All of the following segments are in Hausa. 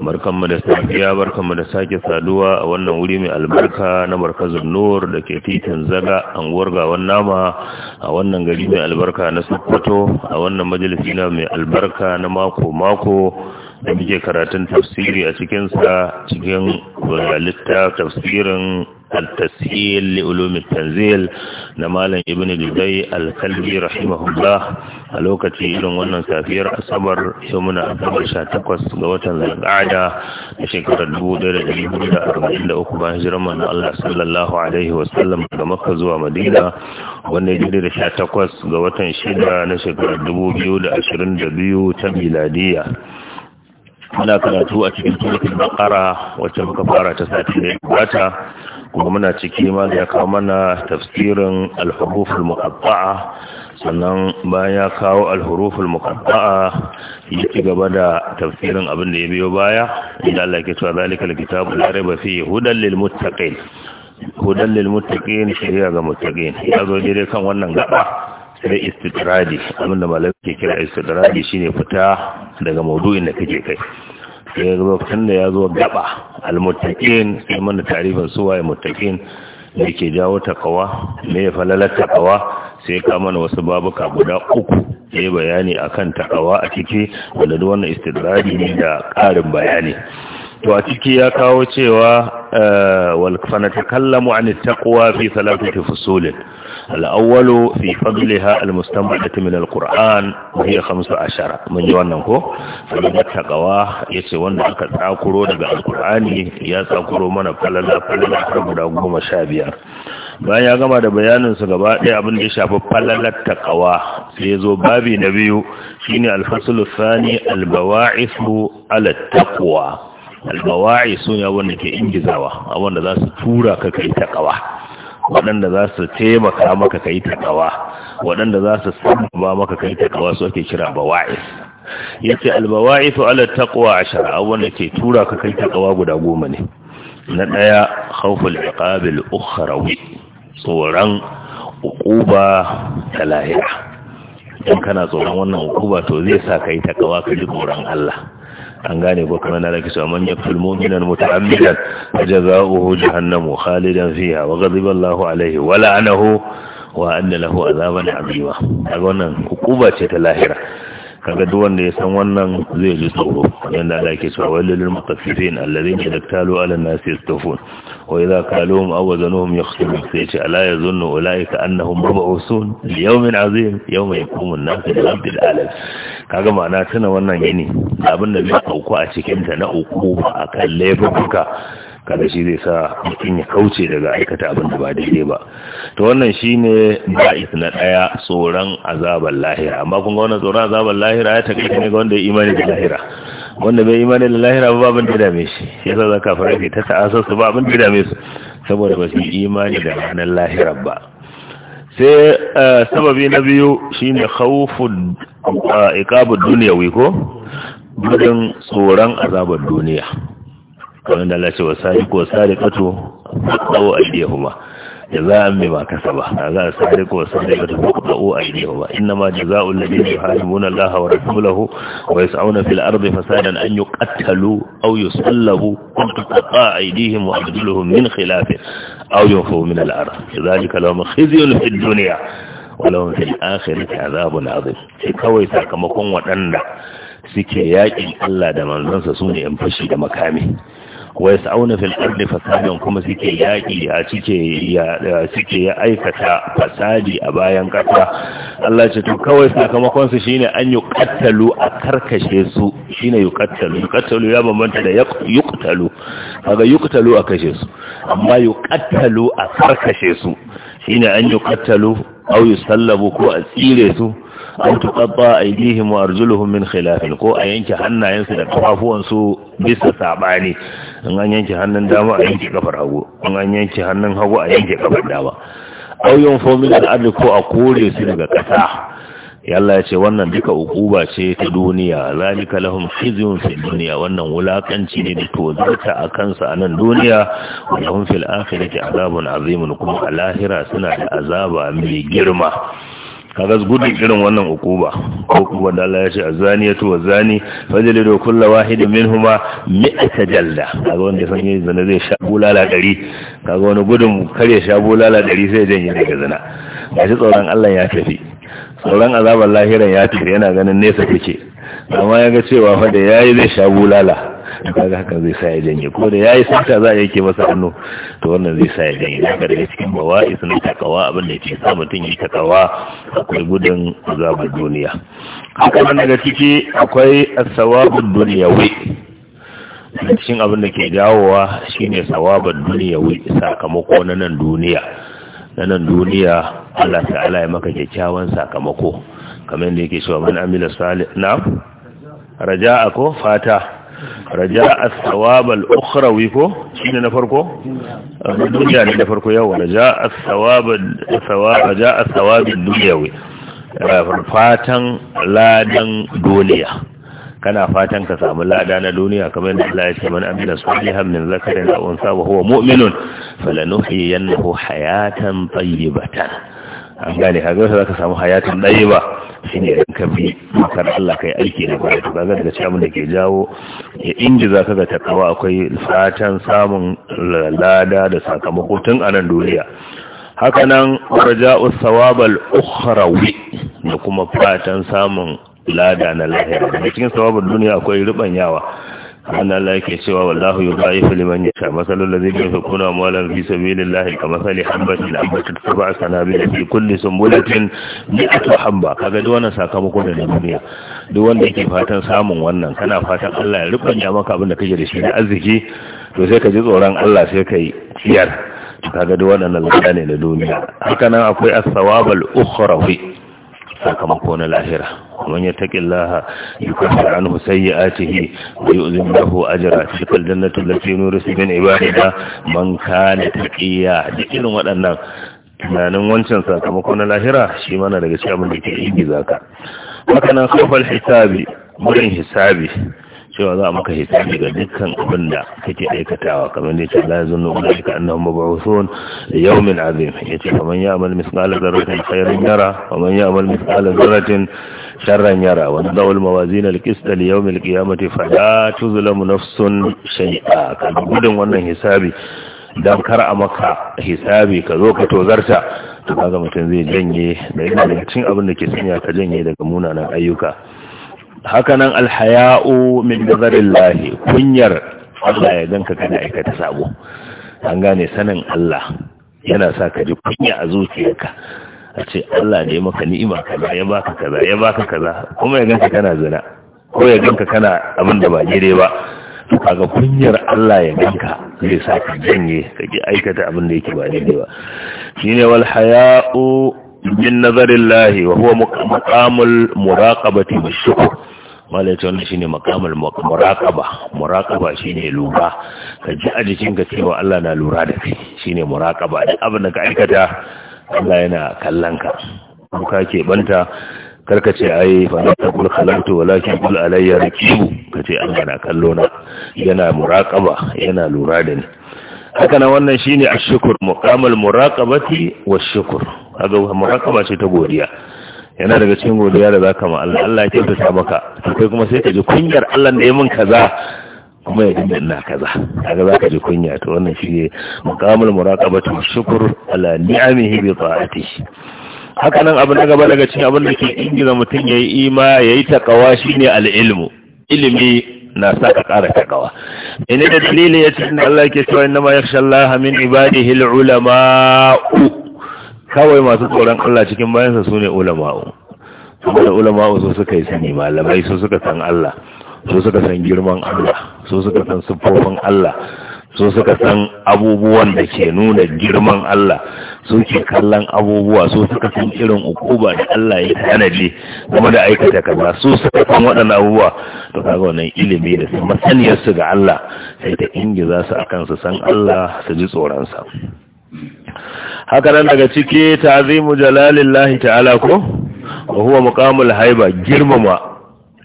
mu da safiya mu da sake saduwa a wannan wuri mai albarka na markazin nur da ke titin zaga anguwar gawan nama a wannan gari mai albarka na sokoto a wannan majalisi na mai albarka na mako mako da muke karatun tafsiri a cikinsa cikin littaf tafsirin التسهيل لعلوم التنزيل نمالا ابن دبي الكلبي رحمه الله الوكتي إلو ونن سافير أصبر يومنا أصبر شاتقوس قوتا للقعدة شكرا دبو دير الجبود أربعين لأخبا هجر allah الله صلى الله عليه وسلم مكة zuwa madina wanda ya da sha takwas ga watan shida na shekarar dubu ta miladiya muna karatu a cikin suratul makara wacce muka fara ta sati da gabata kuma muna ciki ma da kawo mana tafsirin al muqattaa sannan bayan ya kawo alhurufin huruf al-muqatta'a ya ci gaba da tafsirin abin da ya biyo baya inda Allah ke cewa zalikal kitabu la raiba fi hudan lil muttaqin hudan lil muttaqin shari'a ga muttaqin ya zo dai kan wannan gaba sai istidradi abin da malam ke kira istidradi shine fita daga maudu'in da kake kai sai ga tun da ya zo gaba almuttaqin sai mana tarifin su waye muttaqin da ke jawo takawa me ya falala takawa sai ka mana wasu babuka guda uku sai bayani akan takawa a ciki wanda duk wannan istidradi ne da ƙarin bayani to a ciki ya kawo cewa eh, wal fanatakallamu an taqwa fi salatati fusulin الأول في فضلها المستمدة من القرآن وهي خمسة عشر من جوانا هو فلما تقوى يسوان لك تعقروا لك القرآن يتعقروا من فلنا فلنا goma sha شابيا bayan ya gama da bayanin su gaba ɗaya abin da ya shafi falalar taƙawa. sai zo babi na biyu shine al-faslu thani al-bawa'isu ala taqwa sun ya wanda ke ingizawa a wanda za su tura ka kai ƙawa. waɗanda za su taimaka maka kai takawa waɗanda za su sabba maka kai takawa su ake kira bawa'is yace albawa'ithu ala taqwa a abubuwan da ke tura ka kai takawa guda goma ne na ɗaya khawful iqabil ukhrawi tsoron uquba ta lahira in kana tsoron wannan ukuba, to zai sa kai takawa ka ji tsoron Allah an gane ko kamar na rake cewa man yaqtul mu'minan muta'ammidan fajaza'uhu jahannamu khalidan fiha wa ghadiba Allahu alaihi wa la'anahu wa anna lahu azaban azima kaga wannan hukuma ce ta lahira kaga duk wanda ya san wannan zai ji tsoro yanda Allah ke cewa walil mutaffifin alladhina yaktalu ala nasi yastafun wa idha kaluhum aw wazanuhum yakhsirun sai ala yazunnu ulaika annahum mab'usun li yawmin azim yawma yaqumun nasu li rabbil alamin kaga ma'ana tana wannan yini da abinda zai auku a cikin ta na uku akan laifuka kada shi zai sa mutum ya kauce daga aikata abin da ba daidai ba to wannan shine ba'is na daya tsoron azabar lahira amma kun ga wannan tsoron azabar lahira ya takaita ne ga wanda ya imani da lahira wanda bai imani da lahira ba abin da dame shi yasa za ka fara ta ta'asar su ba abin da dame su saboda ba su imani da ranar lahira ba sai eh, sababi na biyu shine khawfud eh, ikabu dunyawi ko gudun tsoron azabar duniya Kawai da Allah ce wa sariqu wa sariqatu faqta'u aydiyahuma jazaa'an bima kasaba za a A sariqu wa sariqatu faqta'u aydiyahuma innama jazaa'u alladhina yuharibuna Allah wa rasulahu wa yas'una fil ardi fasadan an yuqattalu aw yusallabu aw tuqta'a aydihim wa arjuluhum min khilaf aw yunfu min al-ard dhalika lahum khizyun fid dunya wa lahum fil ta 'adhabun 'adhim sai kawai sakamakon waɗanda suke yaƙin Allah da manzansa su ne yan fashi da makami wa yas'auna fil ardi fasadan kuma suke yaki a cike ya suke ya aikata fasadi a bayan kasa Allah ce to kawai sakamakon su shine an yuqattalu a karkashe su shine yuqattalu yuqattalu ya bambanta da yuqtalu kaga yuqtalu a kashe su amma yuqattalu a karkashe su shine an yuqattalu aw yusallabu ko a tsire su aw tuqatta aydihim wa arjuluhum min khilafin, ko a yanke hannayensu da kafafuwansu bisa sabani in an yanke hannun dama a yanke kafar hagu in an yanke hannun hagu a yanke kafar dama ko a kore su daga kasa yalla ya ce wannan duka ukuba ce ta duniya zalika lahum khizyun fi duniya. wannan wulakanci ne da tozarta a kansa a nan duniya wa lahum fil akhirati azabun azimun kuma a lahira suna da azaba mai girma kaga gudun irin wannan ukuba ko kuma da Allah ya ce azaniyatu wa zani fajlidu kullu wahidin minhuma mi'ata jalda kaga wanda ya san yin zina zai sha bulala dari kaga wani gudun kare sha bulala dari sai janye daga zina gashi tsoron Allah ya tafi tsoron azabar lahiran ya tafi yana ganin nesa kike amma ya ga cewa fa da yayi zai sha bulala to kaga hakan zai sa ya janye ko da yayi sata za a yake masa hannu to wannan zai sa ya janye daga daga cikin bawa'is na takawa abin da yake sa mutum yi takawa akwai gudun azabar duniya haka nan daga ciki akwai as-sawabud dunyawi cikin abin da ke dawowa shine sawabar dunyawi sakamako na nan duniya na nan duniya Allah ta'ala ya maka kyakkyawan sakamako kamar da yake cewa man amila salih na raja'a ko fata raja as-sawab ukhrawi ko shine na farko duniya ne na farko yau raja as-sawab as-sawab raja as-sawab dunyawi fatan ladan duniya kana fatan ka samu lada na duniya kamar yadda Allah ya ce man amila salihan min zakarin aw unsa wa huwa mu'minun falanuhyiyannahu hayatan tayyibatan an gane kaga sai ka samu hayatan tayyiba shine ka bi makar Allah yi aiki na ba ba zai daga cikin da ke jawo ya inji za ka ga takawa akwai fatan samun lada da sakamako tun a nan duniya hakanan raja'u usawabal ukhrawi da kuma fatan samun lada na lahira da cikin sawabin duniya akwai yawa. an Allah yake cewa wallahu yudaifu liman yasha masalul ladina yunfiquna amwalan fi sabilillahi kamathali habatin ambatat sab'a sanabil fi kulli sumbulatin mi'atu habba kaga duk wannan sakamako da duniya duk wanda yake fatan samun wannan kana fatan Allah ya rubanya maka abin da kake da shi da arziki to sai ka ji tsoron Allah sai ka yi ciyar kaga duk wannan lalata ne da duniya Hakanan akwai as-sawabul ukhrawi sakamako na lahira man yattaqillaha yukaffir anhu sayyi'atihi wa yu'zim lahu su tilkal jannatu allati nurisu min ibadina man kana taqiya da irin waɗannan tunanin wancan sakamako na lahira shi mana daga cikin abin da ke ingiza ka haka nan hisabi murin hisabi cewa za a maka hisabi ga dukkan abin da kake aikatawa kamar ne ce la yazunnu ulaika annahum mab'uthun li yawmin azim yace faman ya'mal mithqala dharratin khairan yara wa man ya'mal mithqala dharratin sharran yara wa nadaw al mawazin al qist li yawm al qiyamati fala tuzlamu nafsun shay'a kan gudun wannan hisabi dan kar a maka hisabi ka zo ka tozarta to kaga mutum zai janye da yana da abin da ke sanya ka janye daga munanan ayyuka hakanan alhaya'u min nazarillahi kunyar Allah ya ganka kana aikata sabo an gane sanin Allah yana sa ka ji kunya a zuciyarka a ce Allah ne maka ni'ima kaza ya baka kaza ya baka kaza kuma ya ganka kana zina ko ya ganka kana abin da ba gire ba to kaga kunyar Allah ya ganka zai sa ka janye ka ki aikata abin da yake ba daidai ba shine wal haya'u min nazarillahi wa huwa maqamul muraqabati wa shukr mala ya wannan shine makamul muraqaba muraqaba shine lura ka ji a jikin ka cewa Allah na lura da kai shine muraqaba duk abin da ka aikata Allah yana kallon ka ka ke banta karka ce ai fa na kul khalantu walakin qul alayya rakibu kace Allah na kallo na yana muraqaba yana lura da ni haka nan wannan shine ashkur muqamul muraqabati wash shukr kaga muraqaba ce ta godiya yana daga cikin godiya da zaka ma Allah Allah ya kyautata maka kai kuma sai ka ji kunyar Allah da ya min kaza kuma ya dinda ina kaza kaga zaka ji kunya to wannan shi maqamul muraqabati shukr ala ni'amihi bi ta'atihi haka nan abin daga daga cikin abin da ke ingiza mutum yayi ima yayi takawa shine al-ilmu ilimi na sa ka ƙara takawa ina da dalili ya ce Allah ke cewa inna ma yakhsha Allah min ibadihi al kawai masu tsoron Allah cikin bayansa su ne ulama'u saboda ulama'u su suka yi sani malamai su suka san Allah su suka san girman Allah su suka san siffofin Allah su suka san abubuwan da ke nuna girman Allah su ke kallon abubuwa su suka san irin ukuba da Allah ya tanaje kuma da aikata kaza su suka san waɗannan abubuwa to kaga wannan ilimi da masaniyar su ga Allah sai ta ingiza su akan su san Allah su ji tsoron sa haka nan daga ciki ta'zimu jalalillahi ta'ala ko wa huwa muqamul haiba girmama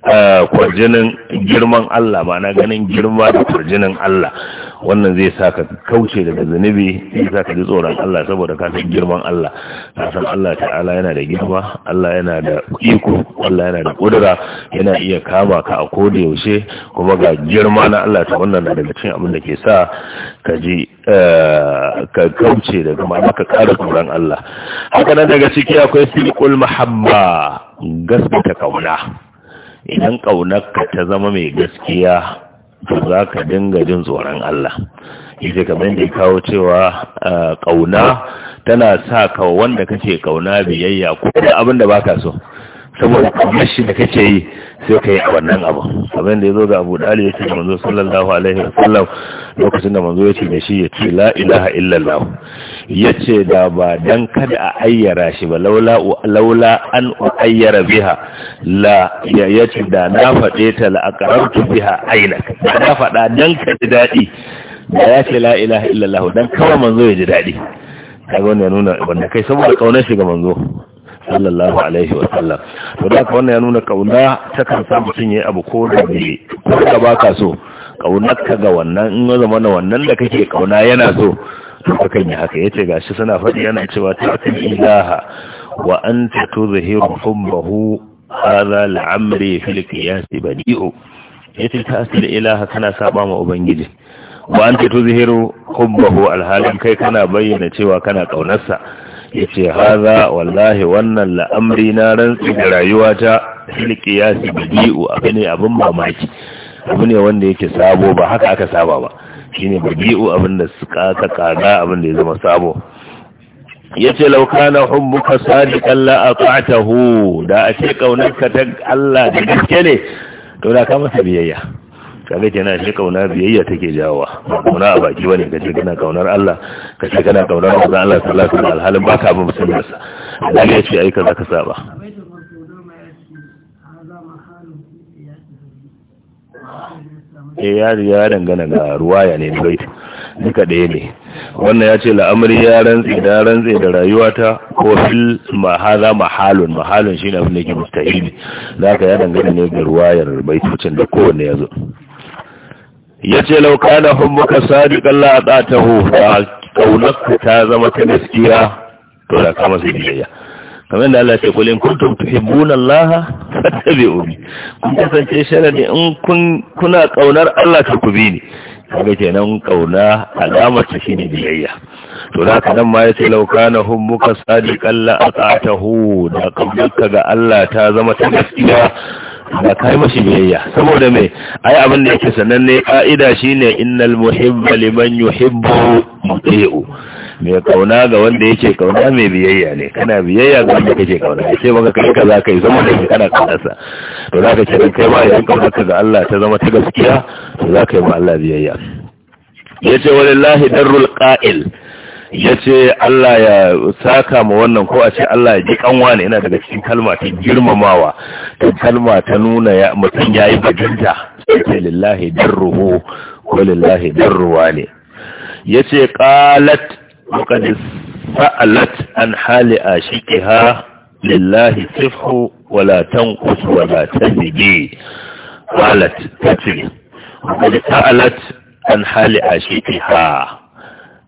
eh, kwarjinin girman Allah ma'ana ganin girma da kwarjinin Allah wannan zai sa ka kauce daga zunubi zai sa ka ji tsoron Allah saboda ka san girman Allah ka san Allah ta'ala yana da girma Allah yana da iko Allah yana da kudura yana iya kama ka a koda yaushe kuma ga girma na Allah ta wannan na daga cikin abin da ke sa ka ji eh, ka kauce daga ma ka kara tsoron Allah haka nan daga ciki akwai silqul mahabba gaskata kauna idan ka ta zama mai gaskiya za ka dinga jin tsoron Allah ita kamar da kawo cewa kauna tana sa ka wanda kake kauna biyayya ko da abin da baka so saboda kamar shi da kake yi sai ka yi a wannan abu abin da ya zo ga abu dali ya ce da manzo sallallahu alaihi wasallam lokacin da manzo ya ce da shi ya ce la illallah ya ce da ba don kada a ayyara shi ba laula an ayyara biha la ya ce da na faɗe ta la'akararta biha ainak da na faɗa don ka ji daɗi da ya ce la ilaha illallah don kawai manzo ya ji daɗi kaga wanda ya nuna wanda kai saboda ƙaunar shi ga manzo sallallahu alaihi wa sallam to da ka wannan ya nuna kauna ta kan sa mutun yayi abu ko da bai ko da baka so kaunar ka ga wannan in ya zama wannan da kake kauna yana so to kakan yi haka yace gashi suna faɗi yana cewa ta'til ilaha wa anta tuzhiru hubbahu hadha al'amri fil qiyas ce yace ta'til ilaha kana saba ma ubangiji wa anta tuzhiru hubbahu alhalin kai kana bayyana cewa kana Ya yace hadha wallahi wannan la'amri na rantsi da rayuwata fil qiyas badi'u abin abin mamaki abu ne wanda yake sabo ba haka aka saba ba shine badi'u abin da suka ka kaga abin da ya zama sabo yace law kana hubbuka sadiqan la ata'tahu da a ce kaunarka ta Allah da gaske ne to da ka masa biyayya kaga kenan shi kauna biyayya take jawowa ba kauna a baki bane kace kana ƙaunar Allah kace kana kaunar Allah sallallahu alaihi wasallam alhalin baka bin musulmi sa da ya ce ai kaza ka saba eh ya ya dangana ga ruwaya ne dai duka ɗaya ne wannan ya ce la'amari ya rantsi da rantse da rayuwata ko fil mahaza mahalun mahalun shine abin da ke mustahili zaka ya dangana ne ga ruwayar baitocin da kowanne ya zo ya ce lauka da hubbuka sadiqan la atatahu da kaunarka ta zama ta gaskiya to da kama sai biyayya kamar da Allah ce kulin kuntum tuhibbuna Allah fattabi'uni kun kasance sharadi in kun kuna kaunar Allah ka kubi ni kaga kenan kauna alamar ta shine biyayya to da haka nan ma yace law kana hummuka sadiqan la ata'tahu da kaunarka ga Allah ta zama ta gaskiya da kai mashi biyayya saboda me ai abin da yake sananne ka'ida shine innal muhibba liman yuhibbu muti'u mai kauna ga wanda yake kauna mai biyayya ne kana biyayya ga wanda kake kauna ce maka kai kaza kai zama da kana kaunarsa to ka ce kai ma idan kaunarka ga Allah ta zama ta gaskiya to za ka yi ma Allah biyayya Ya ce, lahi walillahi darrul qa'il ce, Allah ya saka ma wannan ko a ce Allah ya ji kanwa ne yana daga cikin kalma ta girmamawa ta kalma ta nuna ya mutum yayi bajinta ce, lillahi darruhu walillahi darruwa ne Ya ce, ƙalat. وقد فألت عن حال آشكها لله صفح ولا تنقص ولا تزدي قالت تكفي وقد فألت عن حال آشكها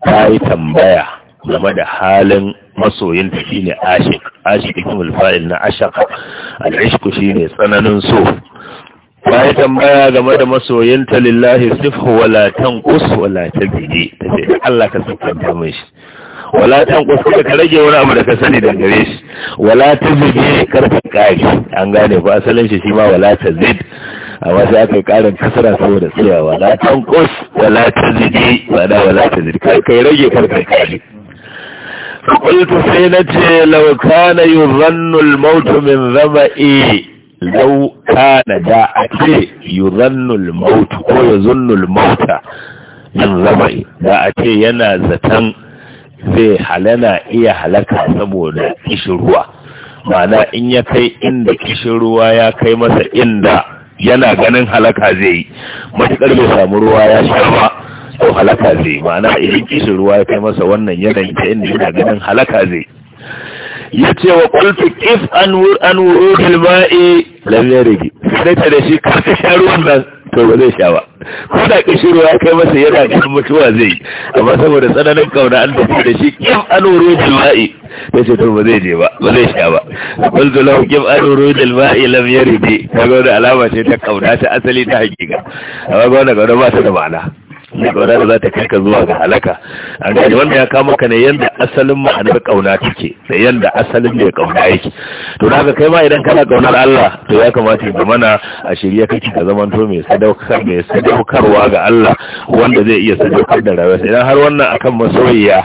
هاي تنبيع لمدى حال مصوين تشيني آشك آشك يكون الفائل نعشق العشق شيني سننسو ba ya tambaya game da masoyinta lillahi sifhu wala tanqus wala tabiji tace Allah ka sukanta mai shi wala tanqus ka rage wani abu da ka sani da gare shi wala tabiji kar ka kai an gane ba asalin shi shi ma wala tazid A wasu aka yi karin kasara saboda tsayawa wala tanqus wala tabiji wala wala tazid kar kai rage kar ka na ce سينتي لو كان يظن الموت من ظمئي lau kana da a ce yuzannul mautu ko yuzunnul mauta nan zama da a ce yana zaton zai halana iya halaka saboda kishirwa mana in ya kai inda kishirwa ya kai masa inda yana ganin halaka zai yi matuƙar bai samu ruwa ya sha ba to halaka zai mana idan kishirwa ya kai masa wannan yanayi ta inda yana ganin halaka zai ya ce wa kultu if an wurudil ma'i lam ya rigi sai ta da shi ka sha ruwan nan to ba zai sha ba ko da kishiro ya kai masa yana ganin mutuwa zai yi amma saboda tsananin kauna an tafi da shi kim an wurudil ma'i ya ce to ba zai je ba ba zai sha ba kultu lahu kim an wurudil ma'i lam ya rigi kaga wani alama ce ta kauna ta asali ta hakika amma ga wani kauna ba ta da ma'ana ne kauna da za ta kai ka zuwa ga halaka an gani wannan ya kama ka ne yanda asalin ma'anar kauna take da yanda asalin mai kauna yake to da kai ma idan kana kaunar Allah to ya kamata ka mana a shirye kake ka zaman to mai sadaukar mai sadaukarwa ga Allah wanda zai iya sadaukar da rayuwarsa idan har wannan akan masoyiya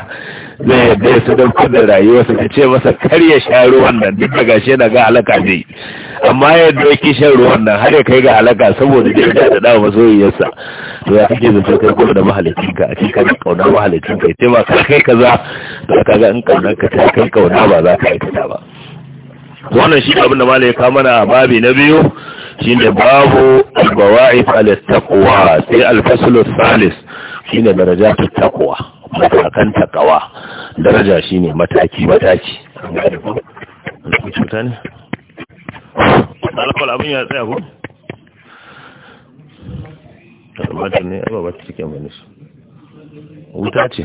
zai yadda ya sadaukar da rayuwarsa ta ce masa kar ya sha ruwan nan duk da gashi yana ga halaka zai amma yadda ya doki shan ruwan nan har ya kai ga halaka saboda zai da dawo masoyiyarsa to ya kake zuwa kai kula da ka a cikin kai kauna ka Sai ma kai kaza to kaga in kauna ka ta kai kauna ba za ka aikata ba wannan shi abin da mala ya kama na babi na biyu shi ne babu albawa'if taqwa sai alfasulus salis shi ne daraja tattakuwa matakan takawa daraja shi ne mataki-mataki cuta ne? abin ya tsaya ko? tarmatar ne ya ba ta cike mani su wuta ce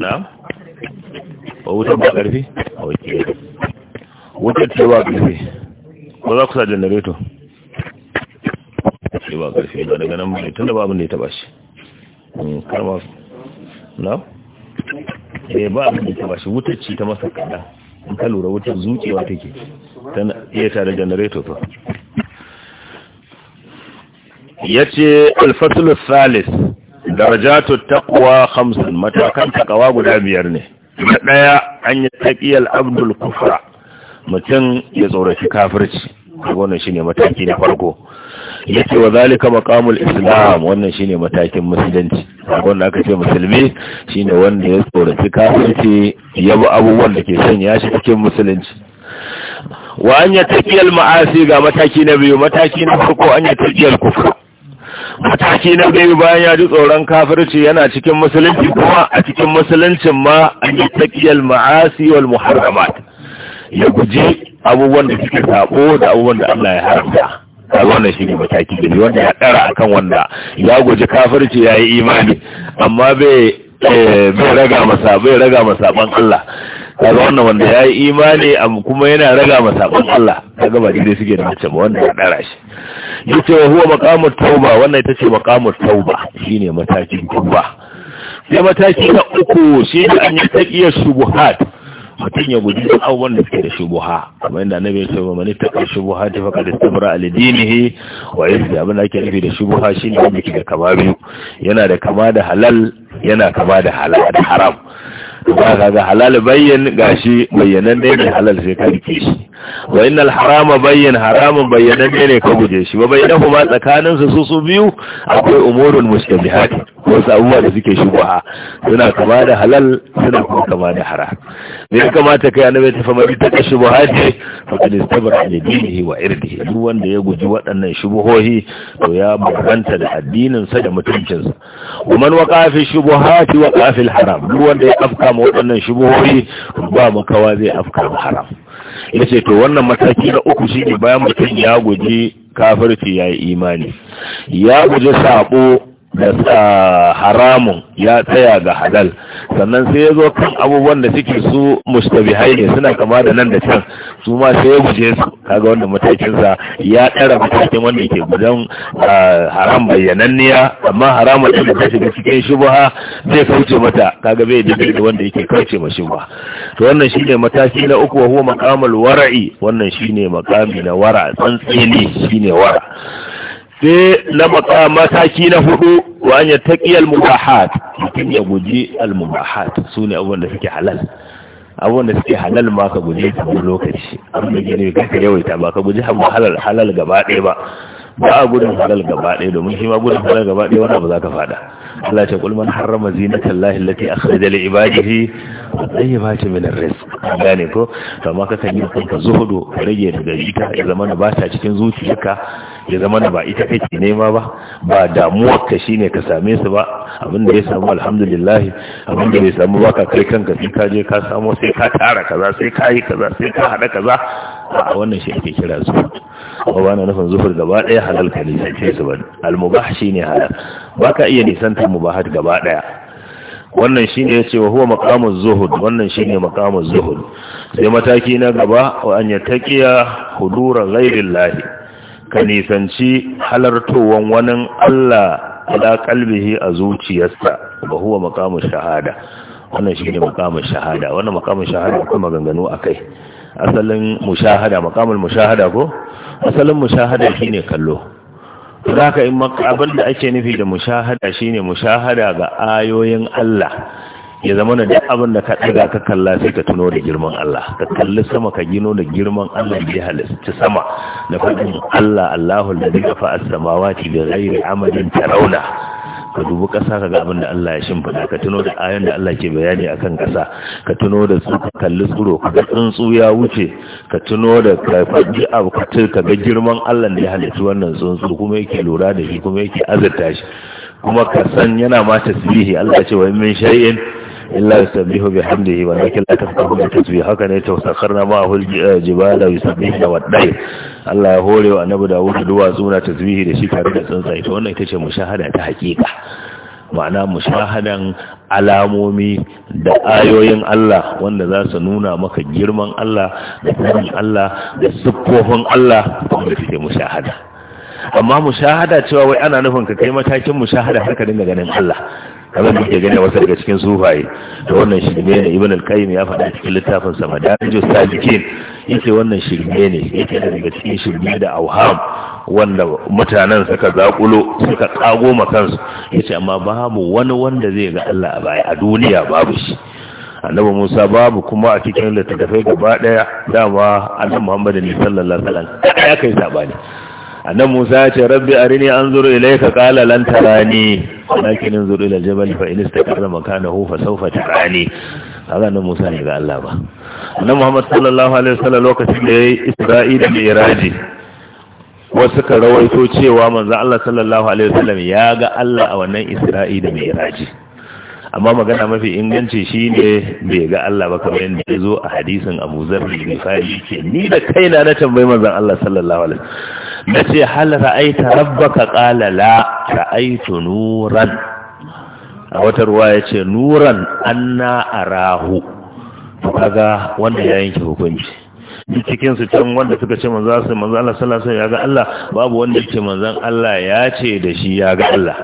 na? ba wuta ba ƙarfi? a wakil wuta ce ba ƙarfi ba za ku sa janareto ce ba ƙarfi ba daga nan mai tun da babu ne ta ba shi hmm, karma na? eh ba abin da ta ba shi Wutar ci ta masa kada in ka lura wutar zuƙewa take tana iya tare janareto ba yace al-fasl al-thalith darajatu taqwa hamsin, matakan taqwa guda biyar ne na daya an yi taqiyal abdul kufra mutum ya tsoraci kafirci wannan shine mataki na farko yace wa zalika maqamul islam wannan shine matakin musulunci wanda aka ce musulmi shine wanda ya tsoraci kafirci ya bi abubuwan da ke sanya shi cikin musulunci wa an yi taƙiyar ma'asi ga mataki na biyu mataki na farko an yi taƙiyar kufra mataki na biyu bayan ya ji tsoron kafirci yana cikin musulunci kuma a cikin musuluncin ma an yi tsakiyar ma'asi wal muharramat ya guji abubuwan da suke sabo da abubuwan da Allah ya haramta ga wannan shi ne mataki da wanda ya ɗara akan wanda ya guji kafirci ya yi imani amma eh, bai raga masa bai raga masa ban Allah kaga wannan wanda ya yi imani kuma yana raga masa ban Allah kaga ba dai suke da mace wanda ya ɗara shi yace wa huwa makamun tauba wannan ita ce maqamut tauba shine matakin tuba sai mataki na uku shi ne an yi taqiyar shubuhat mutum ya guji duk abubuwan da suke da shubuha kamar yadda annabi ya ce wa mani taqa shubuha ta faqad istabra al dinihi wa yasdi abin da ake nufi da shubuha shine wanda da kama biyu yana da kama da halal yana kama da halal da haram ga ga halal bayyan gashi bayyanan ne ne halal sai ka rike shi wa innal harama bayyan haramun bayyanan ne ne ka guje shi Ba bayyana kuma tsakanin su su biyu akwai umurul mustabihat wasu abubuwa da suke shubuha suna kama da halal suna kuma kama da hara me ya kamata kai annabi ta fama ita ka shubuha ce fa kan istabara li dinihi wa irdihi duk wanda ya guji waɗannan shubuhohi to ya bambanta da addinin sa da mutuncin sa wa man waqa fi shubuhati waqa fi haram duk wanda ya afka ma waɗannan shubuhohi ba makawa zai afka ma haram yace to wannan mataki na uku shine bayan mutum ya guji kafirci yayi imani ya guji sabo da haramun ya tsaya ga halal sannan sai ya zo kan abubuwan da suke su mustabihai ne suna kama da nan da can su ma sai ya guje su kaga wanda matakinsa ya tsara matakin wanda ke gudan ah, haram bayyananniya amma haramun da ta shiga cikin shubha zai kauce mata kaga bai da da wanda yake kauce ma ba. to wannan shine mataki na uku wa huwa maqamul wara'i wannan shine makami na wara tsantsene shine wara sai na mataki na hudu wa an yattaqi al mubahat mutum ya guji al mubahat sune abubuwan da suke halal abubuwan da suke halal ma ka guji ta wani lokaci an da ne ka ka yawaita ba ka guji halal halal gaba ɗaya ba ba a gudun halal gaba ɗaya domin shi ma gudun halal gaba ɗaya wanda ba za ka fada Allah ce kulman harrama zinatan lahi lati akhraja li ibadihi tayyibati min ar-rizq gane ko to amma ka kan yi kanka zuhudu rage daga ita ya zama ba ta cikin zuciyarka ya zama da ba ita kake nema ba ba damuwar ka shine ka same su ba abin da ya samu alhamdulillah abin da ya samu ba ka kai kanka sai ka je ka samu sai ka tara kaza sai ka yi kaza sai ka hada kaza a wannan shi ake kira su ba ba na nufin zufur gaba daya halal ka nisance su ba almubah shine halal ba ka iya nisan ta mubahat gaba daya wannan shine yace wa huwa maqamuz zuhud wannan shine maqamuz zuhud sai mataki na gaba wa an yattaqiya hudura ghairillah ka nisanci halartowan wani Allah ala kalbihi a zuciyarsa ba huwa makamun shahada wannan shi ne makamun shahada wannan makamun shahada ko maganganu a kai asalin mushahada makamun mushahada ko asalin mushahada shi ne kallo za ka yi abin da ake nufi da mushahada shi ne mushahada ga ayoyin Allah ya zama da duk abin da ka ɗaga ka kalla sai ka tuno da girman Allah ka kalli sama ka gino da girman Allah ya halitta sama da faɗin Allah Allahu alladhi kafa as-samawati bi ghairi amadin tarawna ka dubi ƙasa ka ga abin da Allah ya shimfida, ka tuno da ayon da Allah ke bayani akan ƙasa ka tuno da su ka kalli tsuro ka ga tsuntsu ya wuce ka tuno da ka faɗi abu ka ga girman Allah da ya halitta wannan tsuntsu kuma yake lura da shi kuma yake azurta shi kuma ka san yana ma tasbihi Allah ce wa min shay'in illa yusabbihu bihamdihi wa lakin la tasbihu tasbih haka ne to sakarna ma hul jibala yusabbihu wa dai Allah ya hore wa annabi Dawud duwatsu na tasbihi da shi tare da tsuntsaye to wannan ita ce mushahada ta hakika ma'ana mushahadan alamomi da ayoyin Allah wanda za su nuna maka girman Allah da tsarin Allah da siffofin Allah wanda suke mushahada amma mushahada cewa wai ana nufin ka kai matakin mushahada har ka dinga ganin Allah kamar da ke gani a wasu daga cikin sufaye da wannan shirme ne ibn al-qayyim ya faɗa cikin littafin sa madarijo salikin yake wannan shirme ne yake daga cikin shirme da auham wanda mutanen suka zakulo suka kago ma kansu yace amma babu wani wanda zai ga Allah a baya a duniya babu shi annabi Musa babu kuma a cikin littattafai gaba daya dama annabi Muhammad ne sallallahu alaihi wasallam ya kai sabani annan Musa ya ce rabbi arini ilai ka kala lan tarani lakin in zuru al-jabal fa in istaqarra makanahu fa sawfa tarani kaga nan Musa ne ga Allah ba annan Muhammad sallallahu alaihi wasallam lokacin da yayi Isra'i da Mi'raji wasu ka rawaito cewa manzo Allah sallallahu alaihi wasallam ya ga Allah a wannan Isra'i da Mi'raji amma magana mafi inganci shine bai ga Allah ba kamar yadda ya zo a hadisin Abu Zarri Ghifari ce ni da kaina na tambayi manzon Allah sallallahu alaihi wasallam na ce hal ra'aita rabbaka qala la ra'aitu nuran a wata ruwa ya ce nuran anna arahu to kaga wanda ya yanke hukunci duk cikin su can wanda suka ce manzo sai manzo Allah sallallahu alaihi wasallam ya ga Allah babu wanda yake manzo Allah ya ce da shi ya ga Allah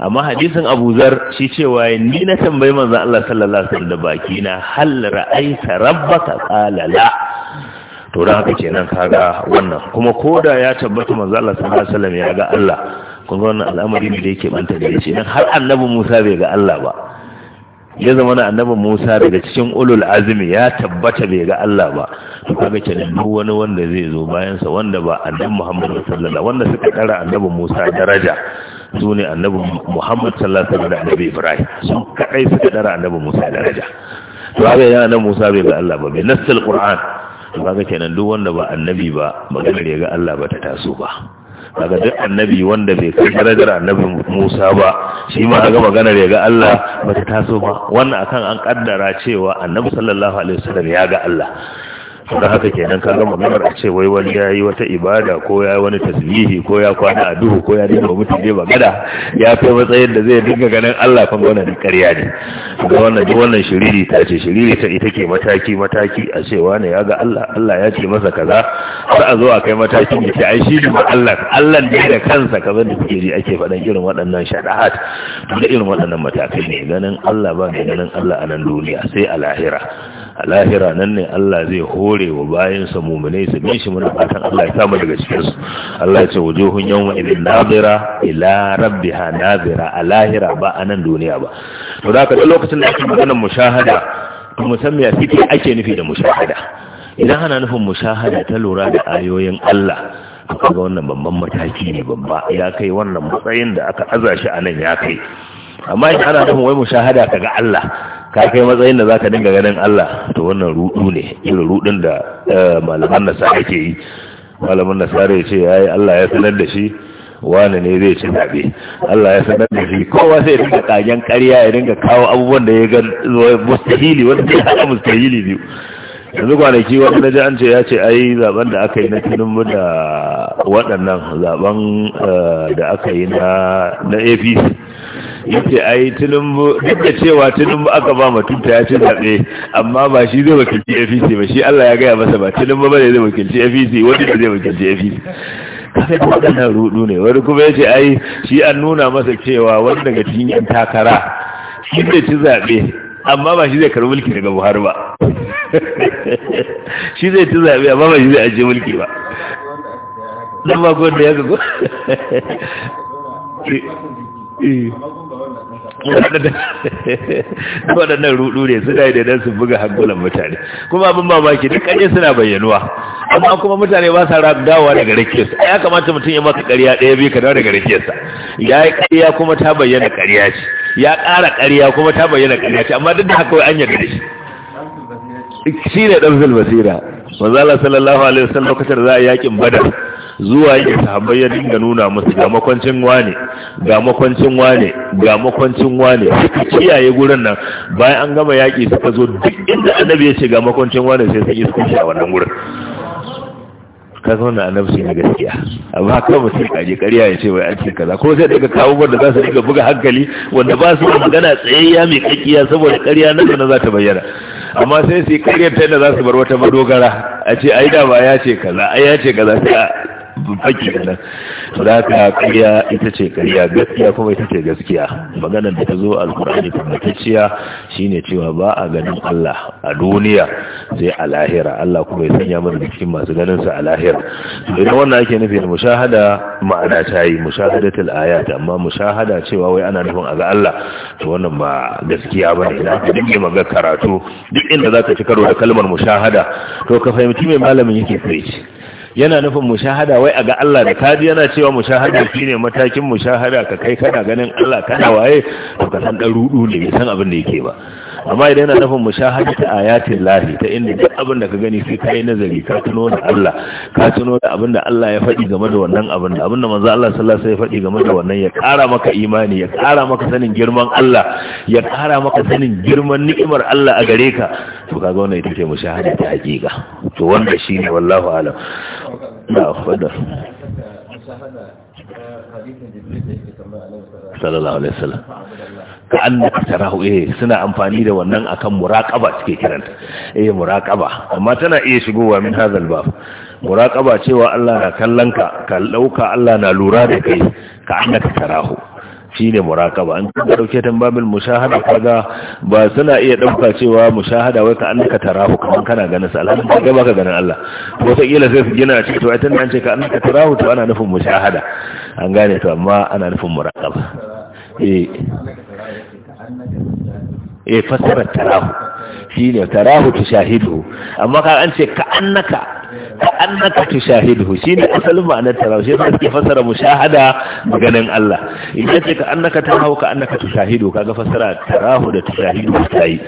amma hadisin Abu Zar shi cewa ni na tambayi manzo Allah sallallahu alaihi wasallam da baki na hal ra'aita rabbaka qala la to don haka kenan kaga wannan kuma koda ya tabbata manzo Allah sallallahu alaihi wasallam ya ga Allah kun ga wannan al'amari da yake banta da shi dan har annabi Musa bai ga Allah ba ya zama na annabi Musa daga cikin ulul azmi ya tabbata bai ga Allah ba to kaga kenan duk wani wanda zai zo bayan sa wanda ba annabi Muhammad sallallahu alaihi wanda suka kara annabi Musa daraja su ne annabi Muhammad sallallahu alaihi wasallam annabi Ibrahim su kadai suka dara annabi Musa daraja to haka yana annabi Musa bai ga Allah ba bai nassal Qur'an kaga kenan duk wanda ba annabi ba maganar ya ga Allah ba ta taso ba daga duk annabi wanda bai kai darajar annabi Musa ba shi ma kaga maganar ya ga Allah ba ta taso ba wannan akan an kaddara cewa annabi sallallahu alaihi wasallam ya ga Allah da haka kenan ka ga maganar a ce wai wani ya yi wata ibada ko ya yi wani tasbihi ko ya kwana a duhu ko ya dinga mutane magana ya fi matsayin da zai dinga ganin Allah kan wannan ƙarya ne ga wannan duk wannan shiriri ta ce shiriri ta ita ke mataki mataki a ce wani ya ga Allah Allah ya ce masa kaza za a zo a kai matakin da ke ai shi ne Allah Allah ne da kansa kaza da kuke ji ake faɗan irin waɗannan shada'at da irin waɗannan matakai ne ganin Allah ba ne ganin Allah a nan duniya sai a lahira a lahira nan ne Allah zai hore wa bayansa mumune su bi shi muna fatan Allah ya samu daga cikin su Allah ya ce wujuhun yawma idin nazira ila rabbiha nazira a lahira ba a nan duniya ba to da ka lokacin da ake magana mushahada mu san me ake nufi da mushahada idan ana nufin mushahada ta lura da ayoyin Allah to kaga wannan babban mataki ne babba ya kai wannan matsayin da aka aza shi a nan ya kai amma in ana nufin wai mushahada ka ga Allah ka kai matsayin da zaka dinga ganin Allah to wannan rudu ne irin rudin da eh, malaman nasa yake yi malaman nasara ya ce ai Allah ya sanar da shi wani ne zai ci zaɓe Allah ya sanar da shi kowa sai dinga kagen ƙarya ya dinga kawo abubuwan da ya ga mustahili wanda ya haɗa mustahili biyu yanzu kwanaki wani na ji an ce ya ce ai zaben da aka yi na tinubu da waɗannan zaben eh, da aka yi na apc yace ai tunumbu duk da cewa tunumbu aka ba matunta ya ci zaɓe amma ba shi zai wakilci APC ba shi Allah ya gaya masa ba tunumbu ba zai wakilci APC wani da zai wakilci APC kafin da na rudu ne wani kuma yace ai shi an nuna masa cewa wani daga cikin yan takara shi zai ci zaɓe amma ba shi zai karɓi mulki daga Buhari ba shi zai ci zaɓe amma ba shi zai ajiye mulki ba dan ba gwanda ya ga Eh. waɗannan rudu ne su da idan su buga hankulan mutane kuma abin mamaki duk kanye suna bayyanuwa amma kuma mutane ba sa dawowa daga rakiyarsa ya kamata mutum ya maka ƙarya ɗaya biyu ka dawo daga rakiyarsa ya yi ƙarya kuma ta bayyana ƙarya ce ya ƙara ƙarya kuma ta bayyana ƙarya ce amma duk da haka an yarda da shi shi ne ɗan zulbasira manzala sallallahu alaihi wasallam lokacin da za a yakin badar zuwa ya sahabbai ya dinga nuna musu ga makwancin wane ga makwancin wane ga makwancin wane suka kiyaye gurin nan bayan an gama yaƙi suka zo duk inda annabi ya ce ga makwancin wane sai sun yi sun a wannan gurin ka zauna a nafsi na gaskiya amma kan mutum kaje ƙarya ya ce wai an ce kaza ko sai daga kawo wanda za su riga buga hankali wanda ba su magana tsayayya mai kakkiya saboda ƙarya nan da za ta bayyana amma sai su yi ƙaryar ta yadda za su bar wata madogara a ce ai da ba ya ce kaza ai ya ce kaza sai fake kenan to da ita ce karya, gaskiya kuma ita ce gaskiya maganar da ta zo alkur'ani tabbatacciya shine cewa ba a ganin Allah a duniya sai a lahira Allah kuma ya sanya mana da masu ganin sa a lahira idan wannan ake nufi da mushahada ma'ana ta yi mushahadatul ayat amma mushahada cewa wai ana nufin a ga Allah to wannan ba gaskiya ne, da duk mai maga karatu duk inda zaka ci karo da kalmar mushahada to ka fahimci me malamin yake firici yana nufin mushahada wai a ga Allah da kaji yana cewa mushahada shi ne matakin mushahada ka kai kana ganin Allah kana waye to ka san ruɗu rudu ne san abin da yake ba amma idan yana nufin ta ayatin lahi ta inda duk abin da ka gani sai kai nazari ka tuno da Allah ka tuno da abin da Allah ya faɗi game da wannan abin da abin da manzo Allah sallallahu alaihi wasallam ya faɗi game da wannan ya ƙara maka imani ya ƙara maka sanin girman Allah ya ƙara maka sanin girman ni'imar Allah a gare ka to kaga wannan ita ce ta haƙiƙa to wanda shine wallahu alam na fadar sallallahu alaihi wasallam ka annaka tarahu eh suna amfani da wannan akan muraqaba suke kiranta eh muraqaba amma tana iya shigowa min hazal bab muraqaba cewa Allah na kallon ka ka dauka Allah na lura da kai ka annaka tarahu shine muraqaba an ka dauke tan babil mushahada kaga ba suna iya dauka cewa mushahada wai ka annaka tarahu kaman kana ganin sa alhamdu kaga baka ganin Allah wata kila sai su gina ce to ai tan ce ka annaka tarahu to ana nufin mushahada an gane to amma ana nufin muraqaba eh إيه، فسرت تراه شيني تراه تشاهده أما قال أنت كأنك ka annaka tushahiduhu shine asalin ma'anar tarawih sai yasa suke fasara mushahada maganin Allah in ce ka annaka tarahu ka annaka tushahidu kaga fasara tarahu da tushahidu tayi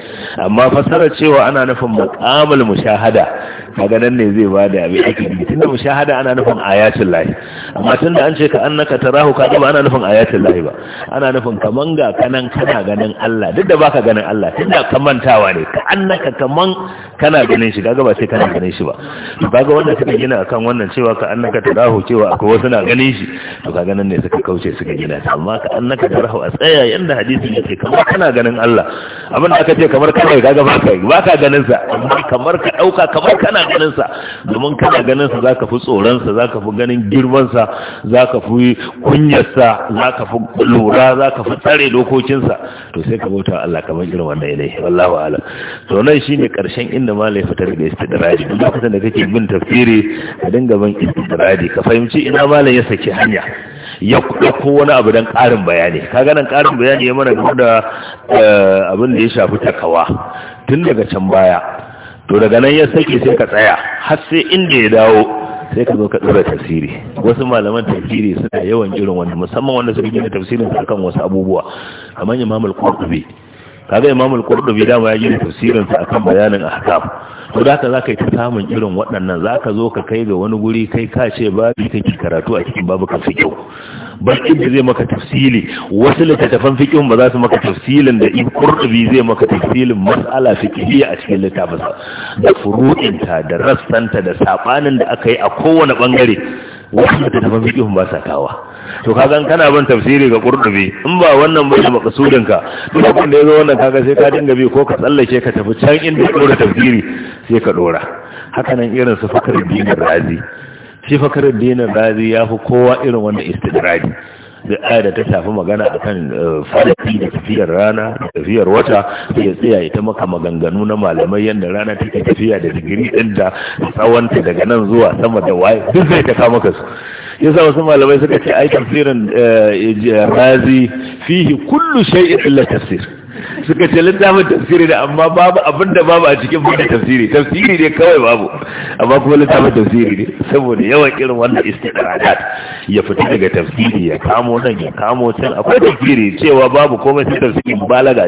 amma fasara cewa ana nufin maqamul mushahada kaga nan ne zai bada abin ake yi tunda mushahada ana nufin ayatul lahi amma tunda an ce ka annaka tarahu ka ba ana nufin ayatul lahi ba ana nufin kaman ga kanan kana ganin Allah duk da baka ganin Allah tunda kamantawa ne ka annaka kaman kana ganin shi kaga ba sai kana ganin shi ba kaga wanda suka gina akan wannan cewa ka annaka tarahu cewa akwai wasu na ganin shi to ka ganin ne suka kauce suka gina ta amma ka annaka tarahu a tsaya yanda hadisin yake kamar kana ganin Allah abin da aka ce kamar ka kaga ba baka ba ka ganin sa amma kamar ka dauka kamar kana ganin sa domin kana ganin sa zaka fi tsoron sa zaka fi ganin girman sa zaka fi kunyar sa zaka fi lura zaka fi tsare dokokin sa to sai ka bauta Allah kamar irin wannan ilai wallahi alam to nan shine karshen inda malai fitar da istidraji duk lokacin da kake bin tafsiri a dinga bin istidradi ka fahimci ina malam ya saki hanya ya ko wani abu don ƙarin bayani kaga nan ƙarin bayani ya mana game da eh, abin da ya shafi takawa tun daga can baya to daga nan ya saki sai ka tsaya har sai inda ya dawo sai ka zo ka tsira tafsiri wasu malaman tafsiri suna yawan irin wanda musamman wanda suke gina tafsirin akan wasu abubuwa kamar imamul qurtubi kaga al qurdubi dama ya gina tafsirin sa akan bayanin ahkam to da haka zaka yi ta samun irin waɗannan zaka zo ka kai ga wani guri kai ka ce babu kake karatu a cikin babu kan fiqh ba inda zai maka tafsili wasu littattafan fiqh ba za su maka tafsilin da in qurdubi zai maka tafsilin mas'ala fiqhiyya a cikin littafin sa da furu'inta da rassanta da sabanin da aka yi a kowane bangare wanda ta tafi fiqhun ba sa kawa to kaga kana ban tafsiri ga qurtubi in ba wannan ba da makasudin ka duk ya da yazo wannan kaga sai ka dinga bi ko ka tsallake ka tafi can inda ka dora tafsiri sai ka dora haka nan irin su fakarin dinar razi shi fakarin dinar razi ya fi kowa irin wannan istidradi da aya da ta shafi magana a kan eh, farki da tafiyar rana da tafiyar wata ya tsaya ita maka maganganu na malamai yadda rana take tafiya da digiri ɗin da tsawonta daga nan zuwa sama da waye duk zai ta kama maka su sa wasu malamai suka ce ai tafsirin eh, razi fihi kullu shay'in illa tafsir suka ce littafin tafsiri da amma babu abin da babu a cikin bude tafsiri tafsiri ne kawai babu amma kuma littafin tafsiri ne saboda yawan irin wannan istiqrarat ya fita daga tafsiri ya kamo nan ya kamo can akwai tafsiri cewa babu komai sai tafsirin balaga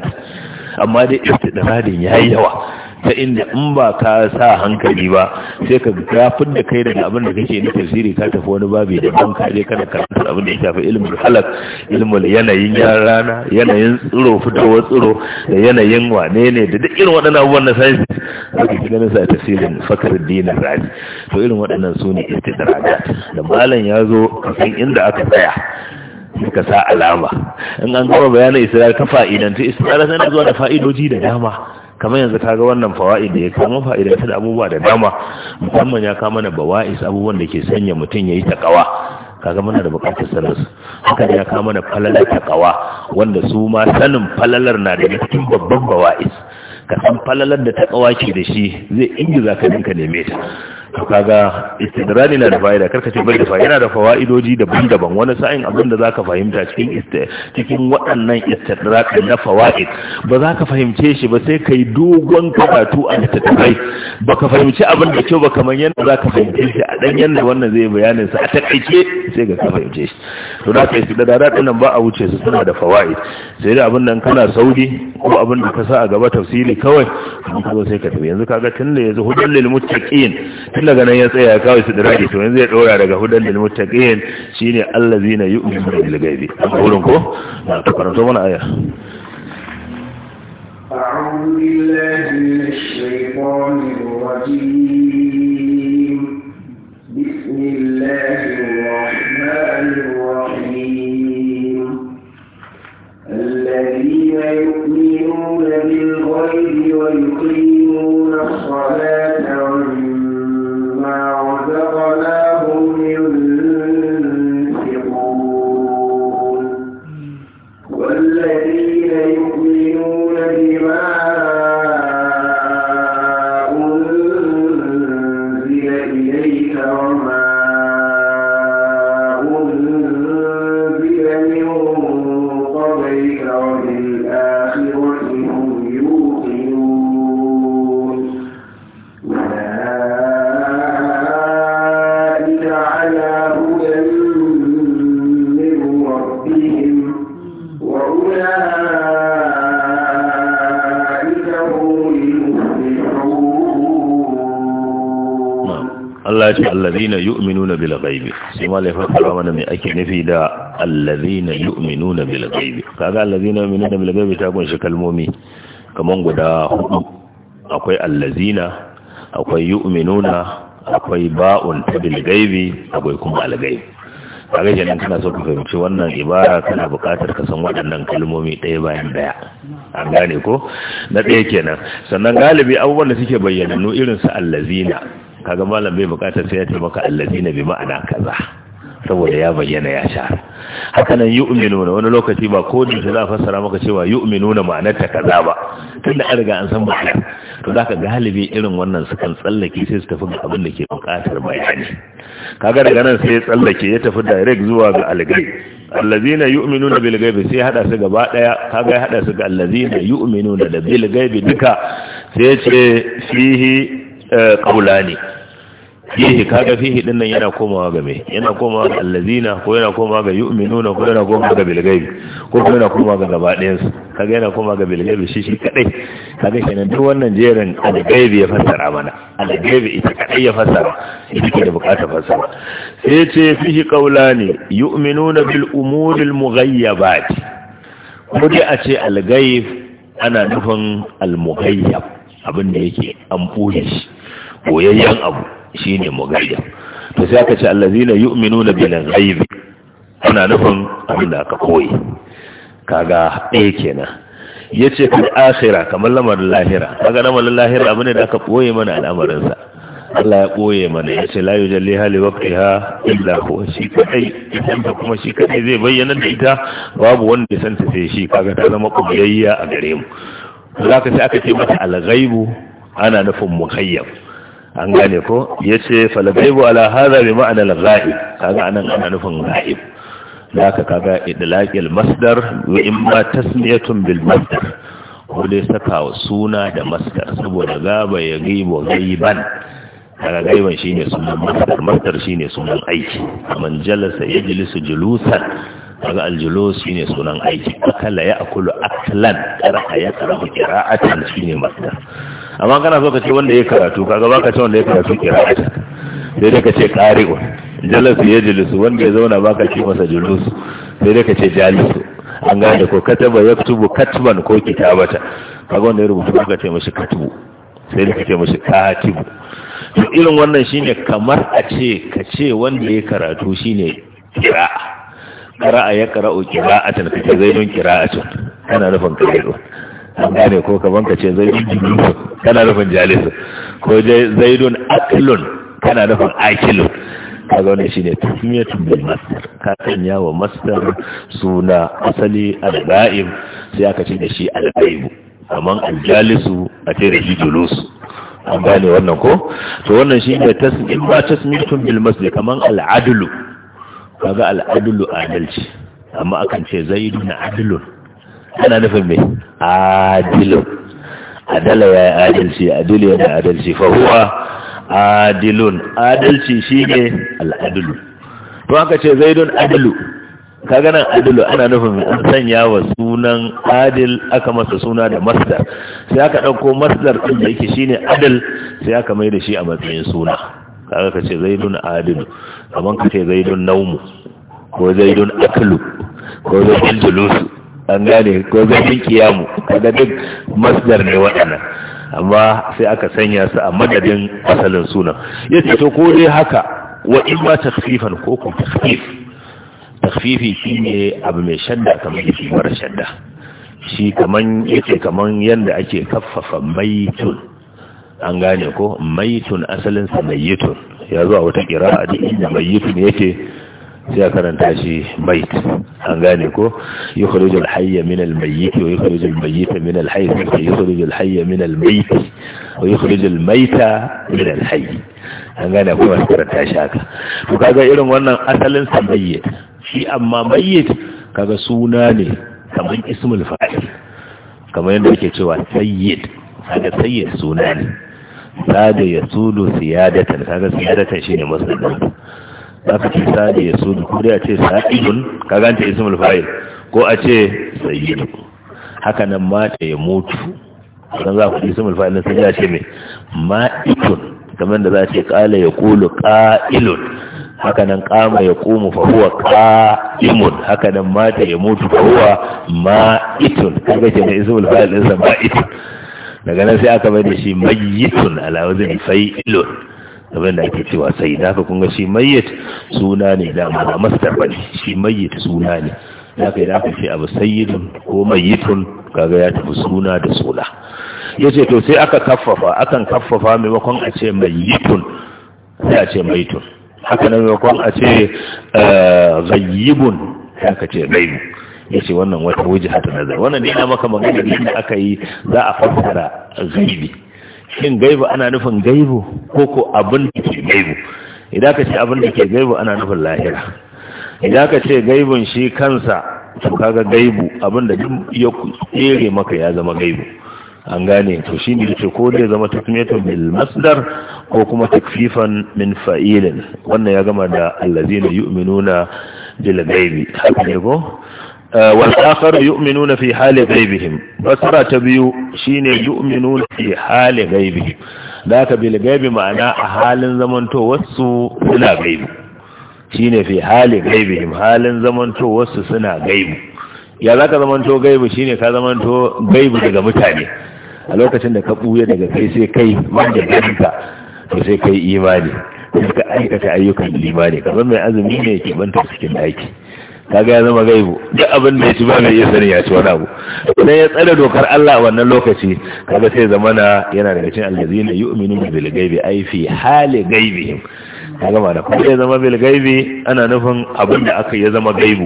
amma dai istidradin yayi yawa ta inda in ba ka sa hankali ba sai ka gafin da kai daga abin da kake na tafsiri ka tafi wani babi da ban ka je kana karanta abin da ya shafi ilmul halak ilmul yanayin yarana, rana yanayin tsiro fitowar tsiro da yanayin wane ne da duk irin waɗannan abubuwan na sai da ka fi ganin sa tafsirin fakar dina rani to irin waɗannan su ne istidraja da malam ya zo kafin inda aka tsaya ka sa alama in an gama bayanin ka fa'idanta fa'idantu sai na zuwa da fa'idoji da dama kamar yanzu kaga wannan fawaid da ya kama ta da abubuwa da dama musamman ya kama na bawa'is abubuwan da ke sanya mutum yayi takawa kaga muna da bukatar sanin haka ya kama na falalar takawa wanda su ma sanin falalar na da cikin babban bawa'is ka san falalar da takawa ke da shi zai ingiza ka dinka neme ta to kaga istidrani na da fa'ida karka ce bai da fa'ida yana da fawa'idoji bin daban wani sa'in abin da zaka fahimta cikin cikin waɗannan istidrak na fawa'id ba za ka fahimce shi ba sai kai dogon karatu a littattafai ba ka fahimci abin da kyau ba kamar yadda za ka fahimce shi a ɗan yadda wannan zai bayanin sa a taƙaice sai ga ka fahimce shi to da ka da dada ɗin ba a wuce su suna da fawa'id sai da abin nan kana sauri ko abin da ka sa a gaba tafsiri kawai kuma sai ka tafi yanzu kaga tun da yanzu hudun lil muttaqin kila daga nan ya tsaya kawai su diraki to yanzu ya dora daga hudan lil muttaqin shine allazina yu'minuna bil ghaibi a wurin ko na ta karanto mana aya أعوذ بالله الذين يؤمنون بالغيب ويقيمون الصلاة ce allazina yu'minuna bil ghaibi sai malai fassara mana me ake nufi da allazina yu'minuna bil ghaibi kaga allazina yu'minuna bil ghaibi ta kunshi kalmomi kaman guda hudu akwai allazina akwai yu'minuna akwai ba'un bil ghaibi akwai kuma al ghaibi kaga kenan kana so ka fahimci wannan ibara kana buƙatar ka san waɗannan kalmomi ɗaya bayan ɗaya an gane ko na ɗaya kenan sannan galibi abubuwan da suke bayyana irin su allazina kaga malam bai bukatar sai ya ce maka allazina bi ma'ana kaza saboda ya bayyana ya share haka nan yu'minuna wani lokaci ba ko da za fassara maka cewa yu'minuna ma'anar ta kaza ba tunda an riga an san ba to zaka galibi irin wannan su kan tsallake sai su tafi ga abin da ke bukatar bayani kaga daga nan sai ya tsallake ya tafi direct zuwa ga algai allazina yu'minuna bil ghaibi sai hada su gaba daya kaga ya hada su ga allazina yu'minuna da bil ghaibi duka sai ya ce fihi eh, qaulani fihi kaga fihi din nan yana komawa ga me yana komawa ga allazina ko yana komawa ga yu'minuna ko yana komawa ga bilgayi, ko yana komawa ga gaba ɗayan su kaga yana komawa ga bilgayi shi shi kadai kaga kenan duk wannan jerin algaib ya fassara mana algaib ita kadai ya fassara ita ke da bukatar fassara sai ce fihi qaulani yu'minuna bil umuri al mughayyabat ko dai a ce algaib ana nufin al mughayyab abin da yake an boye shi boyayyen abu shine mugayyab to sai aka ce allazina yu'minuna bil ghaibi ana nufin abin da aka koyi kaga ɗaya kenan yace yi akhira kamar lamarin lahira kaga lamarin lahira abin da aka koyi mana al'amarin sa Allah ya koye mana ya ce la yujalli hali waqtiha illa huwa shi kadai idan ta kuma shi kadai zai bayyana da ita babu wanda ya santa sai shi kaga ta zama kubiyayya a gare mu zaka sai aka ce mata al-ghaibu ana nufin mukhayyab an gane ko yace falghaibu ala haza bi ma'ana al kaga anan ana nufin ghaib da aka kaga idlaqil masdar wa imma tasmiyatun bil masdar ko dai sakawa suna da masdar saboda gaba ya gaibo gaiban daga gaiban shine sunan masdar masdar shine sunan aiki man jalasa yajlisu julusan daga aljulus shine sunan aiki akala ya akulu aklan qara'a ya qara'a qira'atan shine masdar amma kana so ka ce wanda ya karatu kaga baka ce wanda ya karatu rahata sai dai ka ce qari'u jalasu ya jalisu wanda ya zauna baka ce masa julusu sai dai ka ce jalisu an gane ko kataba yaktubu katban ko kitabata kaga wanda ya rubuta baka ce mashi katubu sai dai ka ce mashi katibu to irin wannan shine kamar a ce ka ce wanda ya karatu shine kira'a qara'a ya qara'u qira'atan kace zaidun qira'atan kana nufin qira'u an gane ko kaman ka ce zaidun kana nufin Jalisu, ko zaidun akilun kana nufin akilun kaga wannan shine tasmiyatun bil masdar ka sanya wa masdar suna asali al-ghaib sai aka ce da shi al-ghaib amma al-jalisu a ce da julusu an gane wannan ko to wannan shine tasmiyatun ba tasmiyatun bil masdar kaman al-adlu kaga al-adlu adalci amma akan ce zaidun adlun Ana nufin mai adilu adala ya yi adalci adilu yana adalci fahuwa adilun adalci shi ne al'adulu to haka ce zaidun adilu ka ganin adilu ana nufin an sanya wa sunan adil aka masa suna da masdar sai aka ɗauko masdar ɗin da yake shine adil sai aka mai da shi a matsayin suna kaga ka ce zaidun adilu kamar ka ce zaidun naumu ko zaidun aklu ko zaidun julusu an gane ko zafin kiyamu kaga duk masdar ne waɗannan amma sai aka sanya su a madadin asalin sunan yace to ko dai haka wa in ma takhfifan ko ko takhfif takhfifi shine abu mai shadda kamar yake mara shadda shi kaman yace kaman yanda ake kaffafa maitun an gane ko maitun asalin sa mayitun ya zuwa wata kira da inda mayitun yake sai a karanta shi bait an gane ko yukhrijul hayya min al mayyit wa yukhrijul mayyita min al hayy wa yukhrijul hayya min al mayyit wa yukhrijul mayta min al hayy an gane ko wasu karanta shi haka to kaga irin wannan asalin sa mayyit shi amma mayyit kaga suna ne kamar ismul fa'il kamar yadda yake cewa sayyid kaga sayyid suna ne sada yasulu siyadatan kaga siyadatan shine masdar za ka ce sa da ya so ko dai a ce sa'idun ka ganta ismul fa'il ko a ce sayyidu haka nan mata ya mutu don za ku ismul fa'il na sai ya ce me ma'itun kamar da za ce kala ya kulu qa'ilun haka nan kama ya qumu fa huwa qa'imun haka nan mata ya mutu fa huwa ka kaga ce ismul fa'il din sa ma'itun daga nan sai aka bai da shi mayyitun ala wazin fa'ilun kamar da ake cewa sai da ka kunga shi mayyit suna ne da ma master bane shi mayyit suna ne da ka idan ka ce abu sayyidun ko mayyitun kaga ya tafi suna da suna yace to sai aka kaffafa akan kaffafa maimakon a ce mayyitun sai a ce mayyitun haka nan maimakon a ce eh, ghayyibun sai aka ce ghaybu yace wannan wata wujha ta nazar wannan dai na maka magana da aka yi za a fassara ghaibi shin gaibu ana nufin gaibu ko ko abin da ke gaibu idan ka ce abin da ke gaibu ana nufin lahira idan ka ce gaibun shi kansa to kaga gaibu abin da ya tsere maka ya zama gaibu an gane to shi ne ce ko da zama tasmiyatun bil masdar ko kuma takfifan min fa'ilin wannan ya gama da allazina yu'minuna bil gaibi haka ne ko والآخر يؤمنون في حال غيبهم فسرى تبيو شيني يؤمنون في حال غيبهم ذاك بالغيب معنى حال زمن توسو سنا غيب شيني في حال غيبهم حال زمن توسو سنا غيب ya za ka zamanto gaibu shine ka zamanto gaibu daga mutane a lokacin da ka buya daga kai sai kai wanda ganinka to sai kai imani ka aikata ayyukan limani, ka mai azumi ne ke banta cikin aiki kaga ya zama gaibu duk abin da ya ci ba mai iya sani ya ci wani abu sai ya tsare dokar Allah a wannan lokaci kaga sai zamana yana daga cikin allazina yu'minu bil ghaibi ai fi hali gaibihim kaga ma da ko ya zama bil ghaibi ana nufin abin da aka ya zama gaibu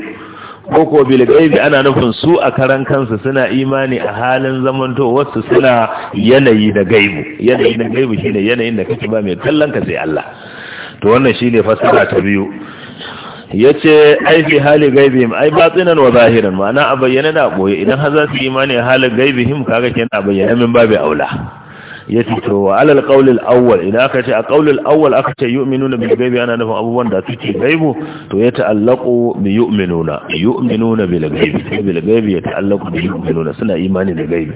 ko ko bil ghaibi ana nufin su a karan kansu suna imani a halin zamantowar wasu suna yanayi da gaibu yanayi da gaibu shine yanayin da kake ba mai kallon ka sai Allah to wannan shine fasara ta biyu yace ai fi hali gaibihim ai batinan wa zahiran ma'ana a bayyana da ɓoye. idan har za su yi imani halin gaibihim kaga kenan a bayyane min babu aula Ya ce to wa alal qawlil awwal idan aka ce a qawlil awwal aka ce na bil gaibi ana nufin abubuwan da suke gaibu to ya ta'allaqu bi yu'minuna yu'minuna bil ghaibi bil gaibi ya ta'allaqu bi na? suna imani da gaibi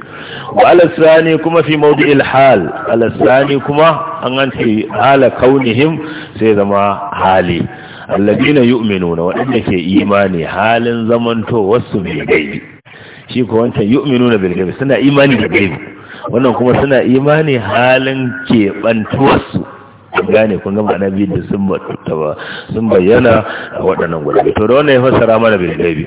wa alal sani kuma fi mawdi'il hal alal sani kuma an an ce hala kaunihim sai zama hali alladina yu'minuna waɗanda ke imani halin zamanto wasu bil gaibi shi ko wancan yu'minuna bil gaibi suna imani da gaibi wannan kuma suna imani halin keɓantuwarsu kun gane kun gama na biyu da sun bayyana a waɗannan guda to da wannan ya fassara mana bil gaibi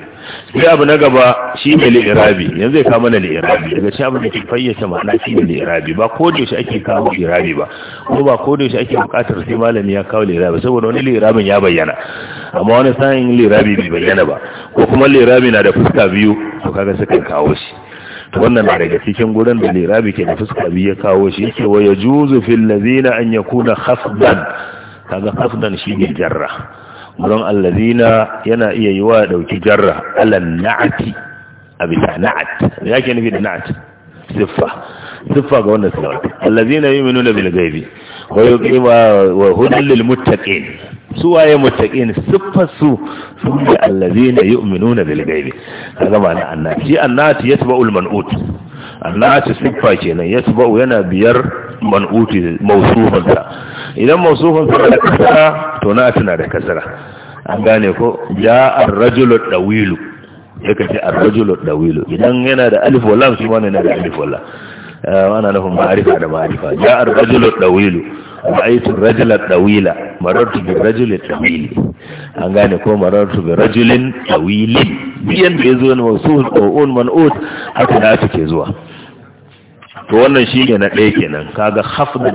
sai abu na gaba shi ne li'irabi yanzu ya kama na li'irabi daga shi abu da ke fayyace ma'ana shi ne li'irabi ba ko da yaushe ake kawo li'irabi ba ko ba ko da shi ake buƙatar sai malami ya kawo li'irabi saboda wani li'irabin ya bayyana amma wani sa'in li'irabi bai bayyana ba ko kuma li'irabi na da fuska biyu to kaga sukan kawo shi to wannan na daga cikin gurin da lirabi ke da fuska biyu ya kawo shi yake wa yajuzu fil lazina an ya yakuna khafdan kaga shi ne jarra gurin allazina yana iya yiwa dauki jarra alal na'ati a abisa na'at yake nufi da na'at siffa siffa ga wannan salawat allazina yu'minuna bil gaibi. wa yuqima wa hudal lil muttaqin su waye muttaqin siffasu su ne allazina yu'minuna bil ghaibi kaga ma'ana annati annati yatba'ul man'ut annati siffa kenan yatba'u yana biyar man'uti mawsufan sa idan mawsufan sa da kasara to na tana da kasara an gane ko ja'a ar-rajulu dawilu yake ce ar-rajulu dawilu idan yana da alif wa lam shi yana da alif wa lam Eh, wana nufin ma'arifa da ma'arifa ya arrajulu dawilu ra'aytu rajula ɗawila marartu bi rajuli ɗawili an gane ko marartu bi rajulin ɗawili biyan da zo ne wasu ko man man'ut haka da ke zuwa to wannan shi ne na ɗaya kenan kaga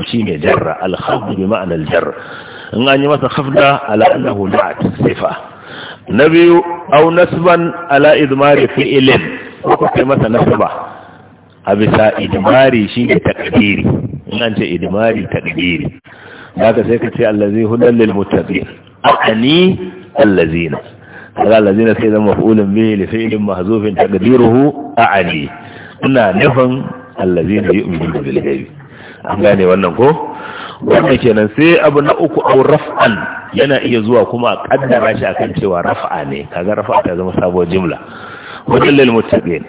shi ne jarra al bi ma'anar jarra in an yi masa hafda ala annahu da'at sifa na biyu au nasban ala idmari fi'ilin ko kai masa nasaba a bisa idimari shi ne takdiri ina ce idimari takdiri haka sai ka ce allazi hudan lil muttaqin ani allazina kaga allazina sai zama maf'ulun bihi li fi'lin mahzufin taqdiruhu a'ani ina nufin allazina yu'minu bil ghaibi an gane wannan ko wannan kenan sai abu na uku au raf'an yana iya zuwa kuma a kaddara shi akan cewa raf'a ne kaga raf'a ta zama sabuwar jumla hudan lil mutabi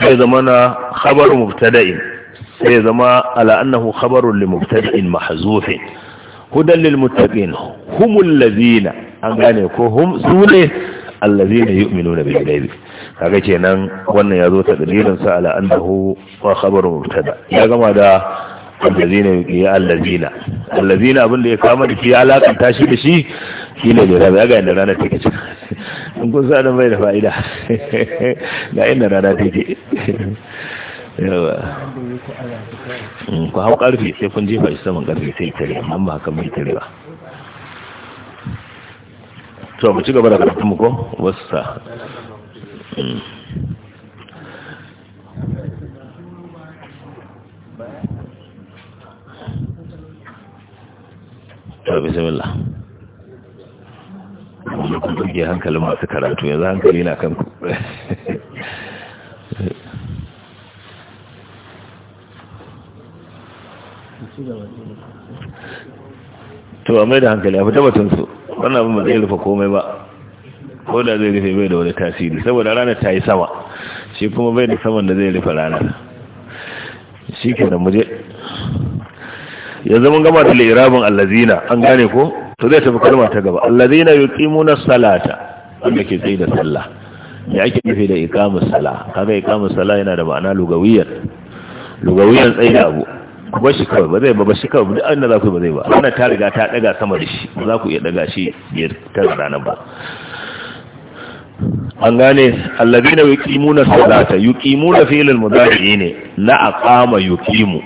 sai zama na khabar mubtada'in sai zama ala annahu khabarun li mubtada'in mahzufin hudan lil muttaqin humul ladina an gane ko hum sune allazina yu'minuna bil ghaibi kaga kenan wannan yazo ta dalilin sa ala annahu wa khabarun mubtada ya gama da allazina ya allazina allazina abin da ya kama da shi alaƙanta shi da shi shi ne lura za ga inda rana take ci in kun sa bai da fa'ida ga inda rana take yawa mm, ku hau karfe sai kun jefa shi saman karfe sai tare amma ba haka mai tare ba to mu ci gaba da karatu mu ko wasu sa mm. to bismillah da ku ɗauke hankalin masu karatu yanzu hankali na kan to a mai da hankali a fita batun su wannan abin ba zai rufe komai ba ko da zai rufe bai da wani tasiri saboda ranar ta yi sama shi kuma bai da saman da zai rufe ranar shi ke da muje yanzu mun gama da lirabin allazina an gane ko to zai tafi kalma ta gaba allazina yuqimuna salata wanda ke tsaye da sallah me ake nufi da iqamus sala kaga iqamus sala yana da ma'ana lugawiyyar lugawiyyar tsayi da abu ba shi kawai ba zai ba ba shi kawai duk inda za ku ba zai ba wannan ta riga ta daga sama da shi ba za ku iya daga shi ya tara ranar ba an gane allazina yuqimuna salata yuqimuna fi'l al-mudari ne la aqama yuqimu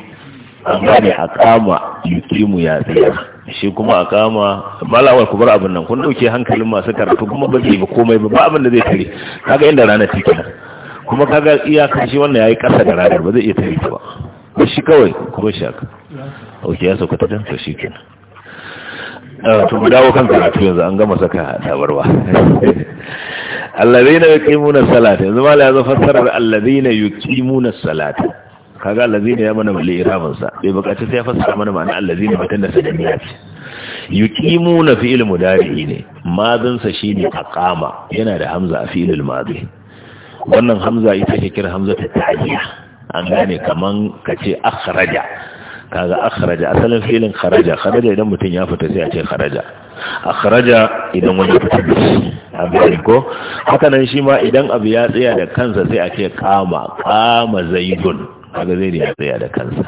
an gane aqama yuqimu ya tsaya shi kuma a kama malawar ku bar abin nan kun dauke hankalin masu karatu kuma ba zai ba komai ba ba abin da zai tare kaga inda rana ta kenan kuma kaga iyakar shi wannan yayi kasa da ranar ba zai iya tare ba ba shi kawai kuma shi haka oke ya sauka ta dan to shi kenan ah, to mu dawo kan karatu yanzu an gama saka tabarwa allazina yuqimuna salata yanzu malai ya zo fassarar allazina yuqimuna salata kaga allazina ya mana mali irabin sa bai bukaci sai ya fassara mana ma'ana allazina matan da ya ce yuqimuna fi'il mudari ne madin sa shine aqama yana da hamza a fi'il madi wannan hamza ita ce kira hamza ta ta'diya an gane kaman kace akhraja kaga akhraja asalin fi'ilin kharaja kharaja idan mutum ya fita sai a ce kharaja akhraja idan wani fita abin ko haka nan shi ma idan abu ya tsaya da kansa sai a ce kama kama zaidun kaga zai ya tsaya da kansa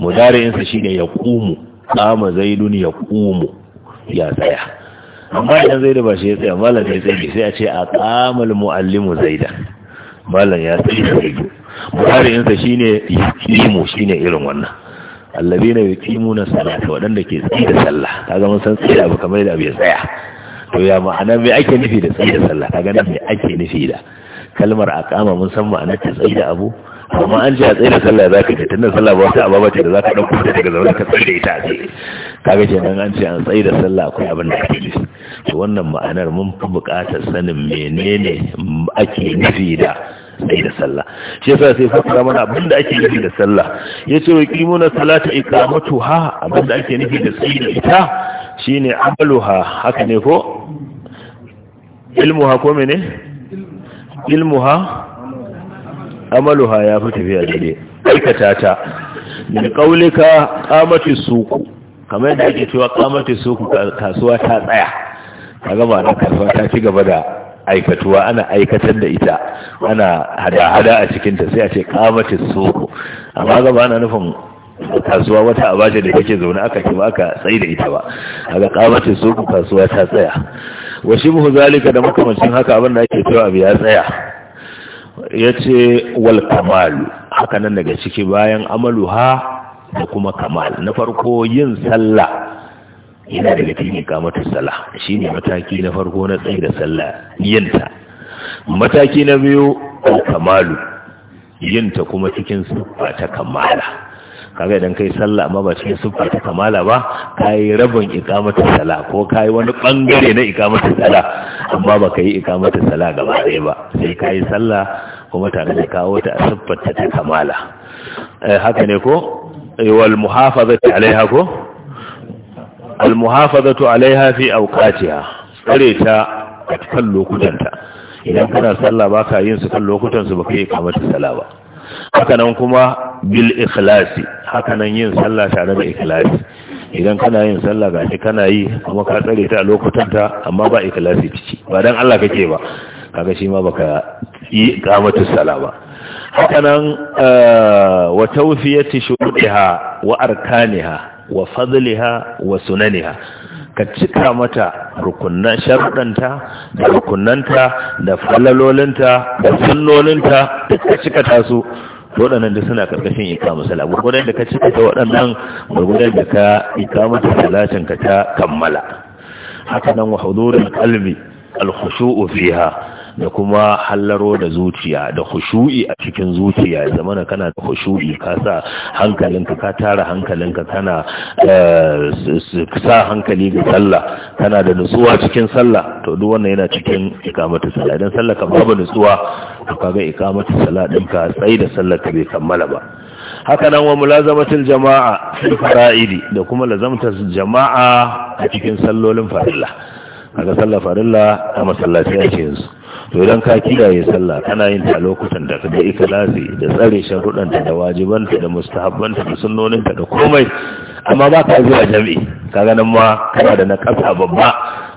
mudari'insa shine ya kumu kama zaidun ya kumu ya tsaya amma idan zaidu ba shi ya tsaya malam ya tsaye sai a ce a kamal muallimu zaida malam ya tsaye zaidu mudari'insa shine shi shine irin wannan allazina yuqimuna salata waɗanda ke tsaye da sallah kaga mun san tsaye abu kamar da abu ya tsaya to ya ma'ana me ake nufi da tsaye da sallah kaga nan me ake nufi da kalmar aqama mun san ma'anar ta tsaye da abu amma an ji a tsaye da sallah za ka ce tunan sallah ba wata ababa ce da za ka ɗauko ta daga zaune ka tsaye da ita a tsaye kaga ce nan an ce an tsaye da sallah akwai abin da ake ji to wannan ma'anar mun fi buƙatar sanin menene ake nufi da tsaye da sallah shi yasa sai fasara mana abin da ake nufi da sallah ya ce wa kimuna salata iqamatu ha abin da ake nufi da tsaye da ita shine amaluha haka ne ko ilmuha ko mene ilmuha amaluha ya fi tafiya daidai aikata ta min qaulika qamati suku kamar yadda ake cewa qamati suku kasuwa ta tsaya kaga ba na kasuwa ta ci gaba da aikatuwa ana aikatar da ita ana hada-hada a cikin ta sai a ce qamati suku amma ga ba nufin kasuwa wata abaje da kake zaune aka ce ba aka tsayi da ita ba kaga qamati suku kasuwa ta tsaya wa shibhu zalika da makamancin haka abin da ake cewa biya ya tsaya ya ce wal kamalu haka nan daga ciki bayan amalu ha da kuma kamal na farko yin sallah yana daga cikin kamata sallah shine mataki na farko na tsaye da sallah yinta mataki na biyu kamalu yinta kuma cikin siffa ta kamala kaga idan kai sallah amma ba cikin siffa ta kamala ba kai rabin iqamatus sala ko kai wani bangare na iqamatus sala amma ba kai iqamatus sala gaba ɗaya ba sai kai sallah kuma tare da kawo ta siffar ta ta eh haka ne ko eh, wal muhafazatu alaiha ko al muhafazatu alaiha fi awqatiha tsare ta a cikin idan kana sallah baka yin su kan lokutan su baka yi kamata sala ba hakanan kuma bil ikhlasi hakanan yin sallah tare da ikhlasi idan kana yin sallah ga shi kana yi kuma ka tsare ta a lokutan ta amma ba ikhlasi ciki ba dan Allah kake ba kaga shi ma baka yi qamatu sala ba hakanan eh, wa tawfiyati shurutiha wa arkaniha wa fadliha wa sunaniha ka cika mata rukunan da rukunanta da falalolinta da sunnolinta duk ka cika tasu waɗannan da suna karkashin ikamu sala gurgudan da ka cika ta waɗannan gurgudan da ka ikamu ta salatin ka ta kammala hakanan nan wa hudurin qalbi al fiha da kuma hallaro da zuciya da khushu'i a cikin zuciya zamana kana da khushu'i ka sa hankalinka ka tara hankalinka kana eh, sa hankali ga sallah kana da nutsuwa cikin sallah to duk wannan yana cikin ikamatu sallah idan sallah ka babu nutsuwa to kaga ikamatu sallah ka tsayi da sallah ka bai kammala ba haka nan wa mulazamatul jama'a fi fara'idi da kuma lazamta jama'a a cikin sallolin farilla kaga sallah farilla a masallaci ake yanzu to idan ka kiyaye sallah kana yin ta lokutan da da ikhlasi da tsare sharuɗanta da wajibanta da mustahabbanta da sunnoninta da komai amma ba ka zuwa jami'i ka ganin ma kana da na kasa babba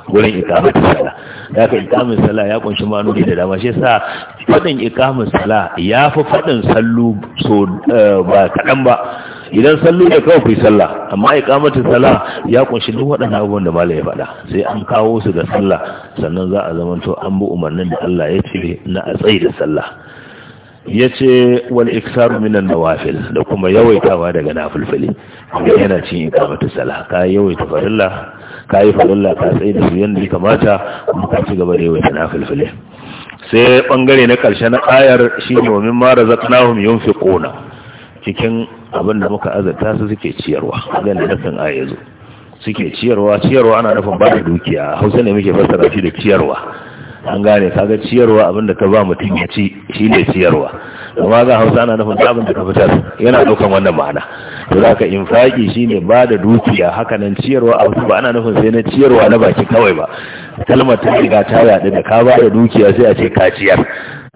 gurin ikamatu sallah da ka ikamu sallah ya kunshi manuni da dama shi yasa faɗin ikamu sallah ya fi faɗin sallu so eh, ba kaɗan ba idan sallu ne kawai ku yi sallah amma kamata sala ya kunshi duk waɗannan abubuwan da malai ya faɗa sai an kawo su ga sallah sannan za a zamanto an bi umarnin da Allah ya ce na a tsayi da sallah ya ce wani iksaru minan nawafil da kuma yawaitawa daga nafilfili kuma yana cin kamata sallah, ka yawaita farilla ka yi farilla ka tsayi da su yanda ya kamata kuma ka ci gaba da yawaita nafilfili sai bangare na karshe na ayar shine wa mimma yunfi yunfiquna cikin abin da muka azarta su suke ciyarwa zan da nufin a zo suke ciyarwa ciyarwa ana nufin ba da dukiya hausa ne muke fassara shi da ciyarwa an gane kaga ciyarwa abin da ka ba mutum ya ci shi ne ciyarwa amma ga hausa ana nufin abin da ka fitar yana ɗaukan wannan ma'ana to zaka infaki ne ba da dukiya haka nan ciyarwa a ba ana nufin sai na ciyarwa na baki kawai ba kalmar ta riga ta yaɗu da ka ba da dukiya sai a ce ka ciyar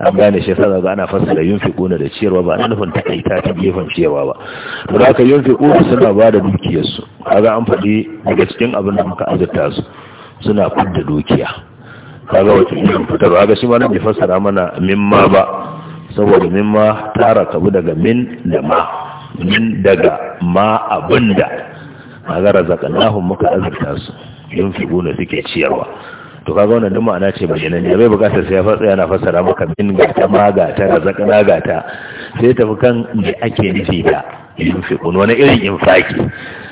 an gane shi sa ga ana fassara yunfiquna da ciyarwa ba ana nufin takaita ta gefen ciyarwa ba to da aka yunfiquna suna ba da dukiyar su kaga an faɗi daga cikin abin da muka azurta su suna fadda dukiya kaga wata irin fitar kaga shi ma nan bai fassara mana mimma ba saboda mimma tara kabu daga min da ma min daga ma abinda kaga razaqnahum muka azurta su yunfiquna suke ciyarwa to kaga wannan duk ma'ana ce bayyana ne bai bukatar sai ya fasa yana fassara maka min ga ta maga ta razaka ga ta sai tafi kan me ake nufi da yunfiqun wani irin infaki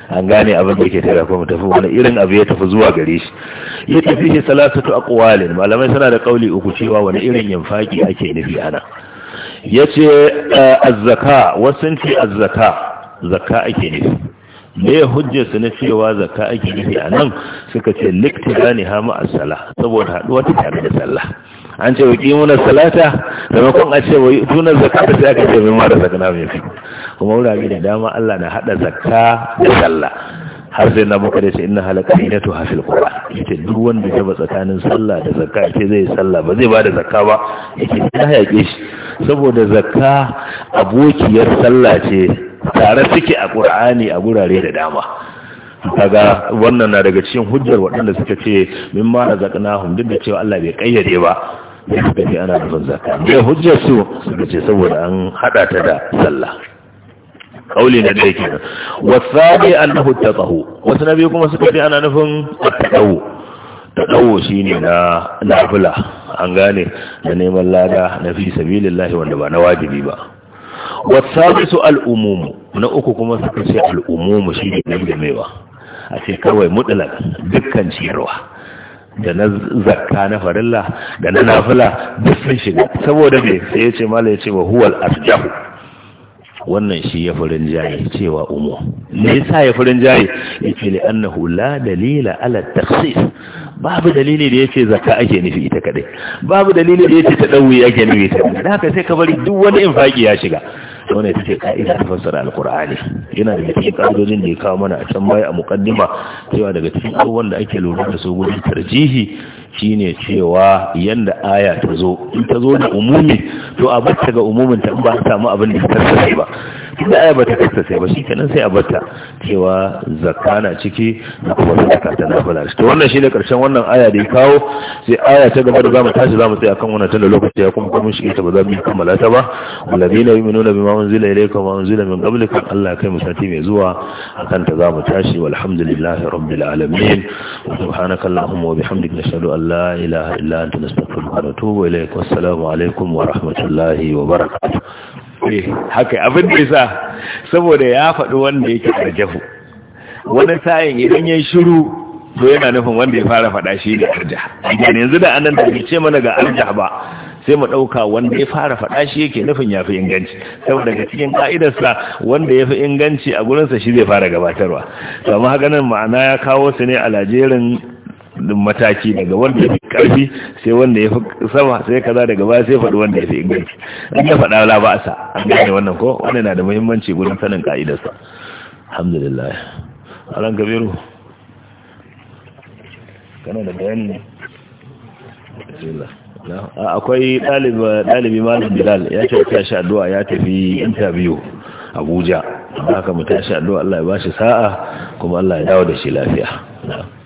an gane abin da yake tare mu tafi wani irin abu ya tafi zuwa gare shi ya tafi shi salatu aqwalin malamai suna da kauli uku cewa wani irin infaki ake nufi ana yace eh, azzaka sun ce azzaka zakka ake nufi me su na cewa zaka ake yi a nan suka ce likta ne hama a sala saboda haɗuwa ta tare da sallah an ce waƙi muna salata da makon a ce wa tunan zaka sai aka ce mai mara na mai fi kuma wurare da dama Allah na haɗa zaka da sallah har sai na muka da ce ina halaka ina to hafil qur'an yace duk wanda ya ba tsakanin sallah da zaka ce zai sallah ba zai ba da zakka ba yace ya yake shi saboda zaka abokiyar sallah ce tare suke a ƙur'ani a gurare da dama kaga wannan na daga cikin hujjar waɗanda suka ce min ma na duk da cewa Allah bai kayyade ba ya suka ce ana nufin zakka da hujjar su suka ce saboda an hada ta da sallah kauli na dai kenan wasabi annahu tsaho. wasu nabi kuma suka ce ana nufin taqahu taqahu shine na nafila an gane na neman lada na fi sabilillahi wanda ba na wajibi ba wasabisu al'umumu na uku kuma suka ce al'umumu shi ne gangamewa a ce kawai mutlak dukkan ciyarwa da na zakka na farilla da na nafila duk sun shiga saboda me sai ya ce mala ya ce wa huwal arjahu wannan shi ya furin jaye cewa umu me yasa ya furin jaye yace li annahu la dalila ala takhsis babu dalili da yace zakka ake nufi ita kadai babu dalili da yace tadawi ake nufi ita kadai haka sai ka bari duk wani infaki ya shiga wannan ita ce ka'ida ta fassara alkur'ani yana da cikin ƙa'idodin da ya kawo mana a can baya a muƙaddima cewa daga cikin abubuwan da ake lura da su gudun tarjihi shine cewa yanda aya ta zo in ta zo da umumi to a bata ga umumin ta ba samu abin da ta ba tunda aya bata kasa sai ba shi kenan sai a bata cewa zakana ciki da kuma zakka ta nafila to wannan shine karshen wannan aya da ya kawo sai aya ta gaba da zamu tashi zamu tsaya kan wannan tunda lokaci ya kuma kuma shi ta ba za mu kammala ta ba walabina yu'minuna bima unzila ilaykum wa unzila min qablikum Allah kai musati mai zuwa akan ta zamu tashi walhamdulillahi rabbil alamin subhanaka allahumma wa bihamdika nashhadu an la ilaha illa anta nastaghfiruka wa natubu ilayk wassalamu alaikum wa rahmatullahi wa barakatuh eh haka abin da yasa saboda ya faɗi wanda yake jahu wani sayin idan ya shiru to yana nufin wanda ya fara faɗa shi ne arja idan yanzu da anan da ce mana ga arja ba sai mu ɗauka wanda ya fara faɗa shi yake nufin ya fi inganci saboda daga cikin ƙa'idarsa wanda ya fi inganci a gurinsa shi zai fara gabatarwa to amma haka nan ma'ana ya kawo su ne a lajerin mataki daga wanda ya fi ƙarfi sai wanda ya fi sama sai kaza daga baya sai faɗi wanda ya fi inganci an ya faɗa la ba sa an gane wannan ko wannan na da muhimmanci gudun sanin ka'idarsa alhamdulillah alan kabiru kana da bayani ne akwai ɗalibi malam bilal ya ce ta shi addu'a ya tafi interview abuja haka mu tashi addu'a Allah ya bashi sa'a kuma Allah ya dawo da shi lafiya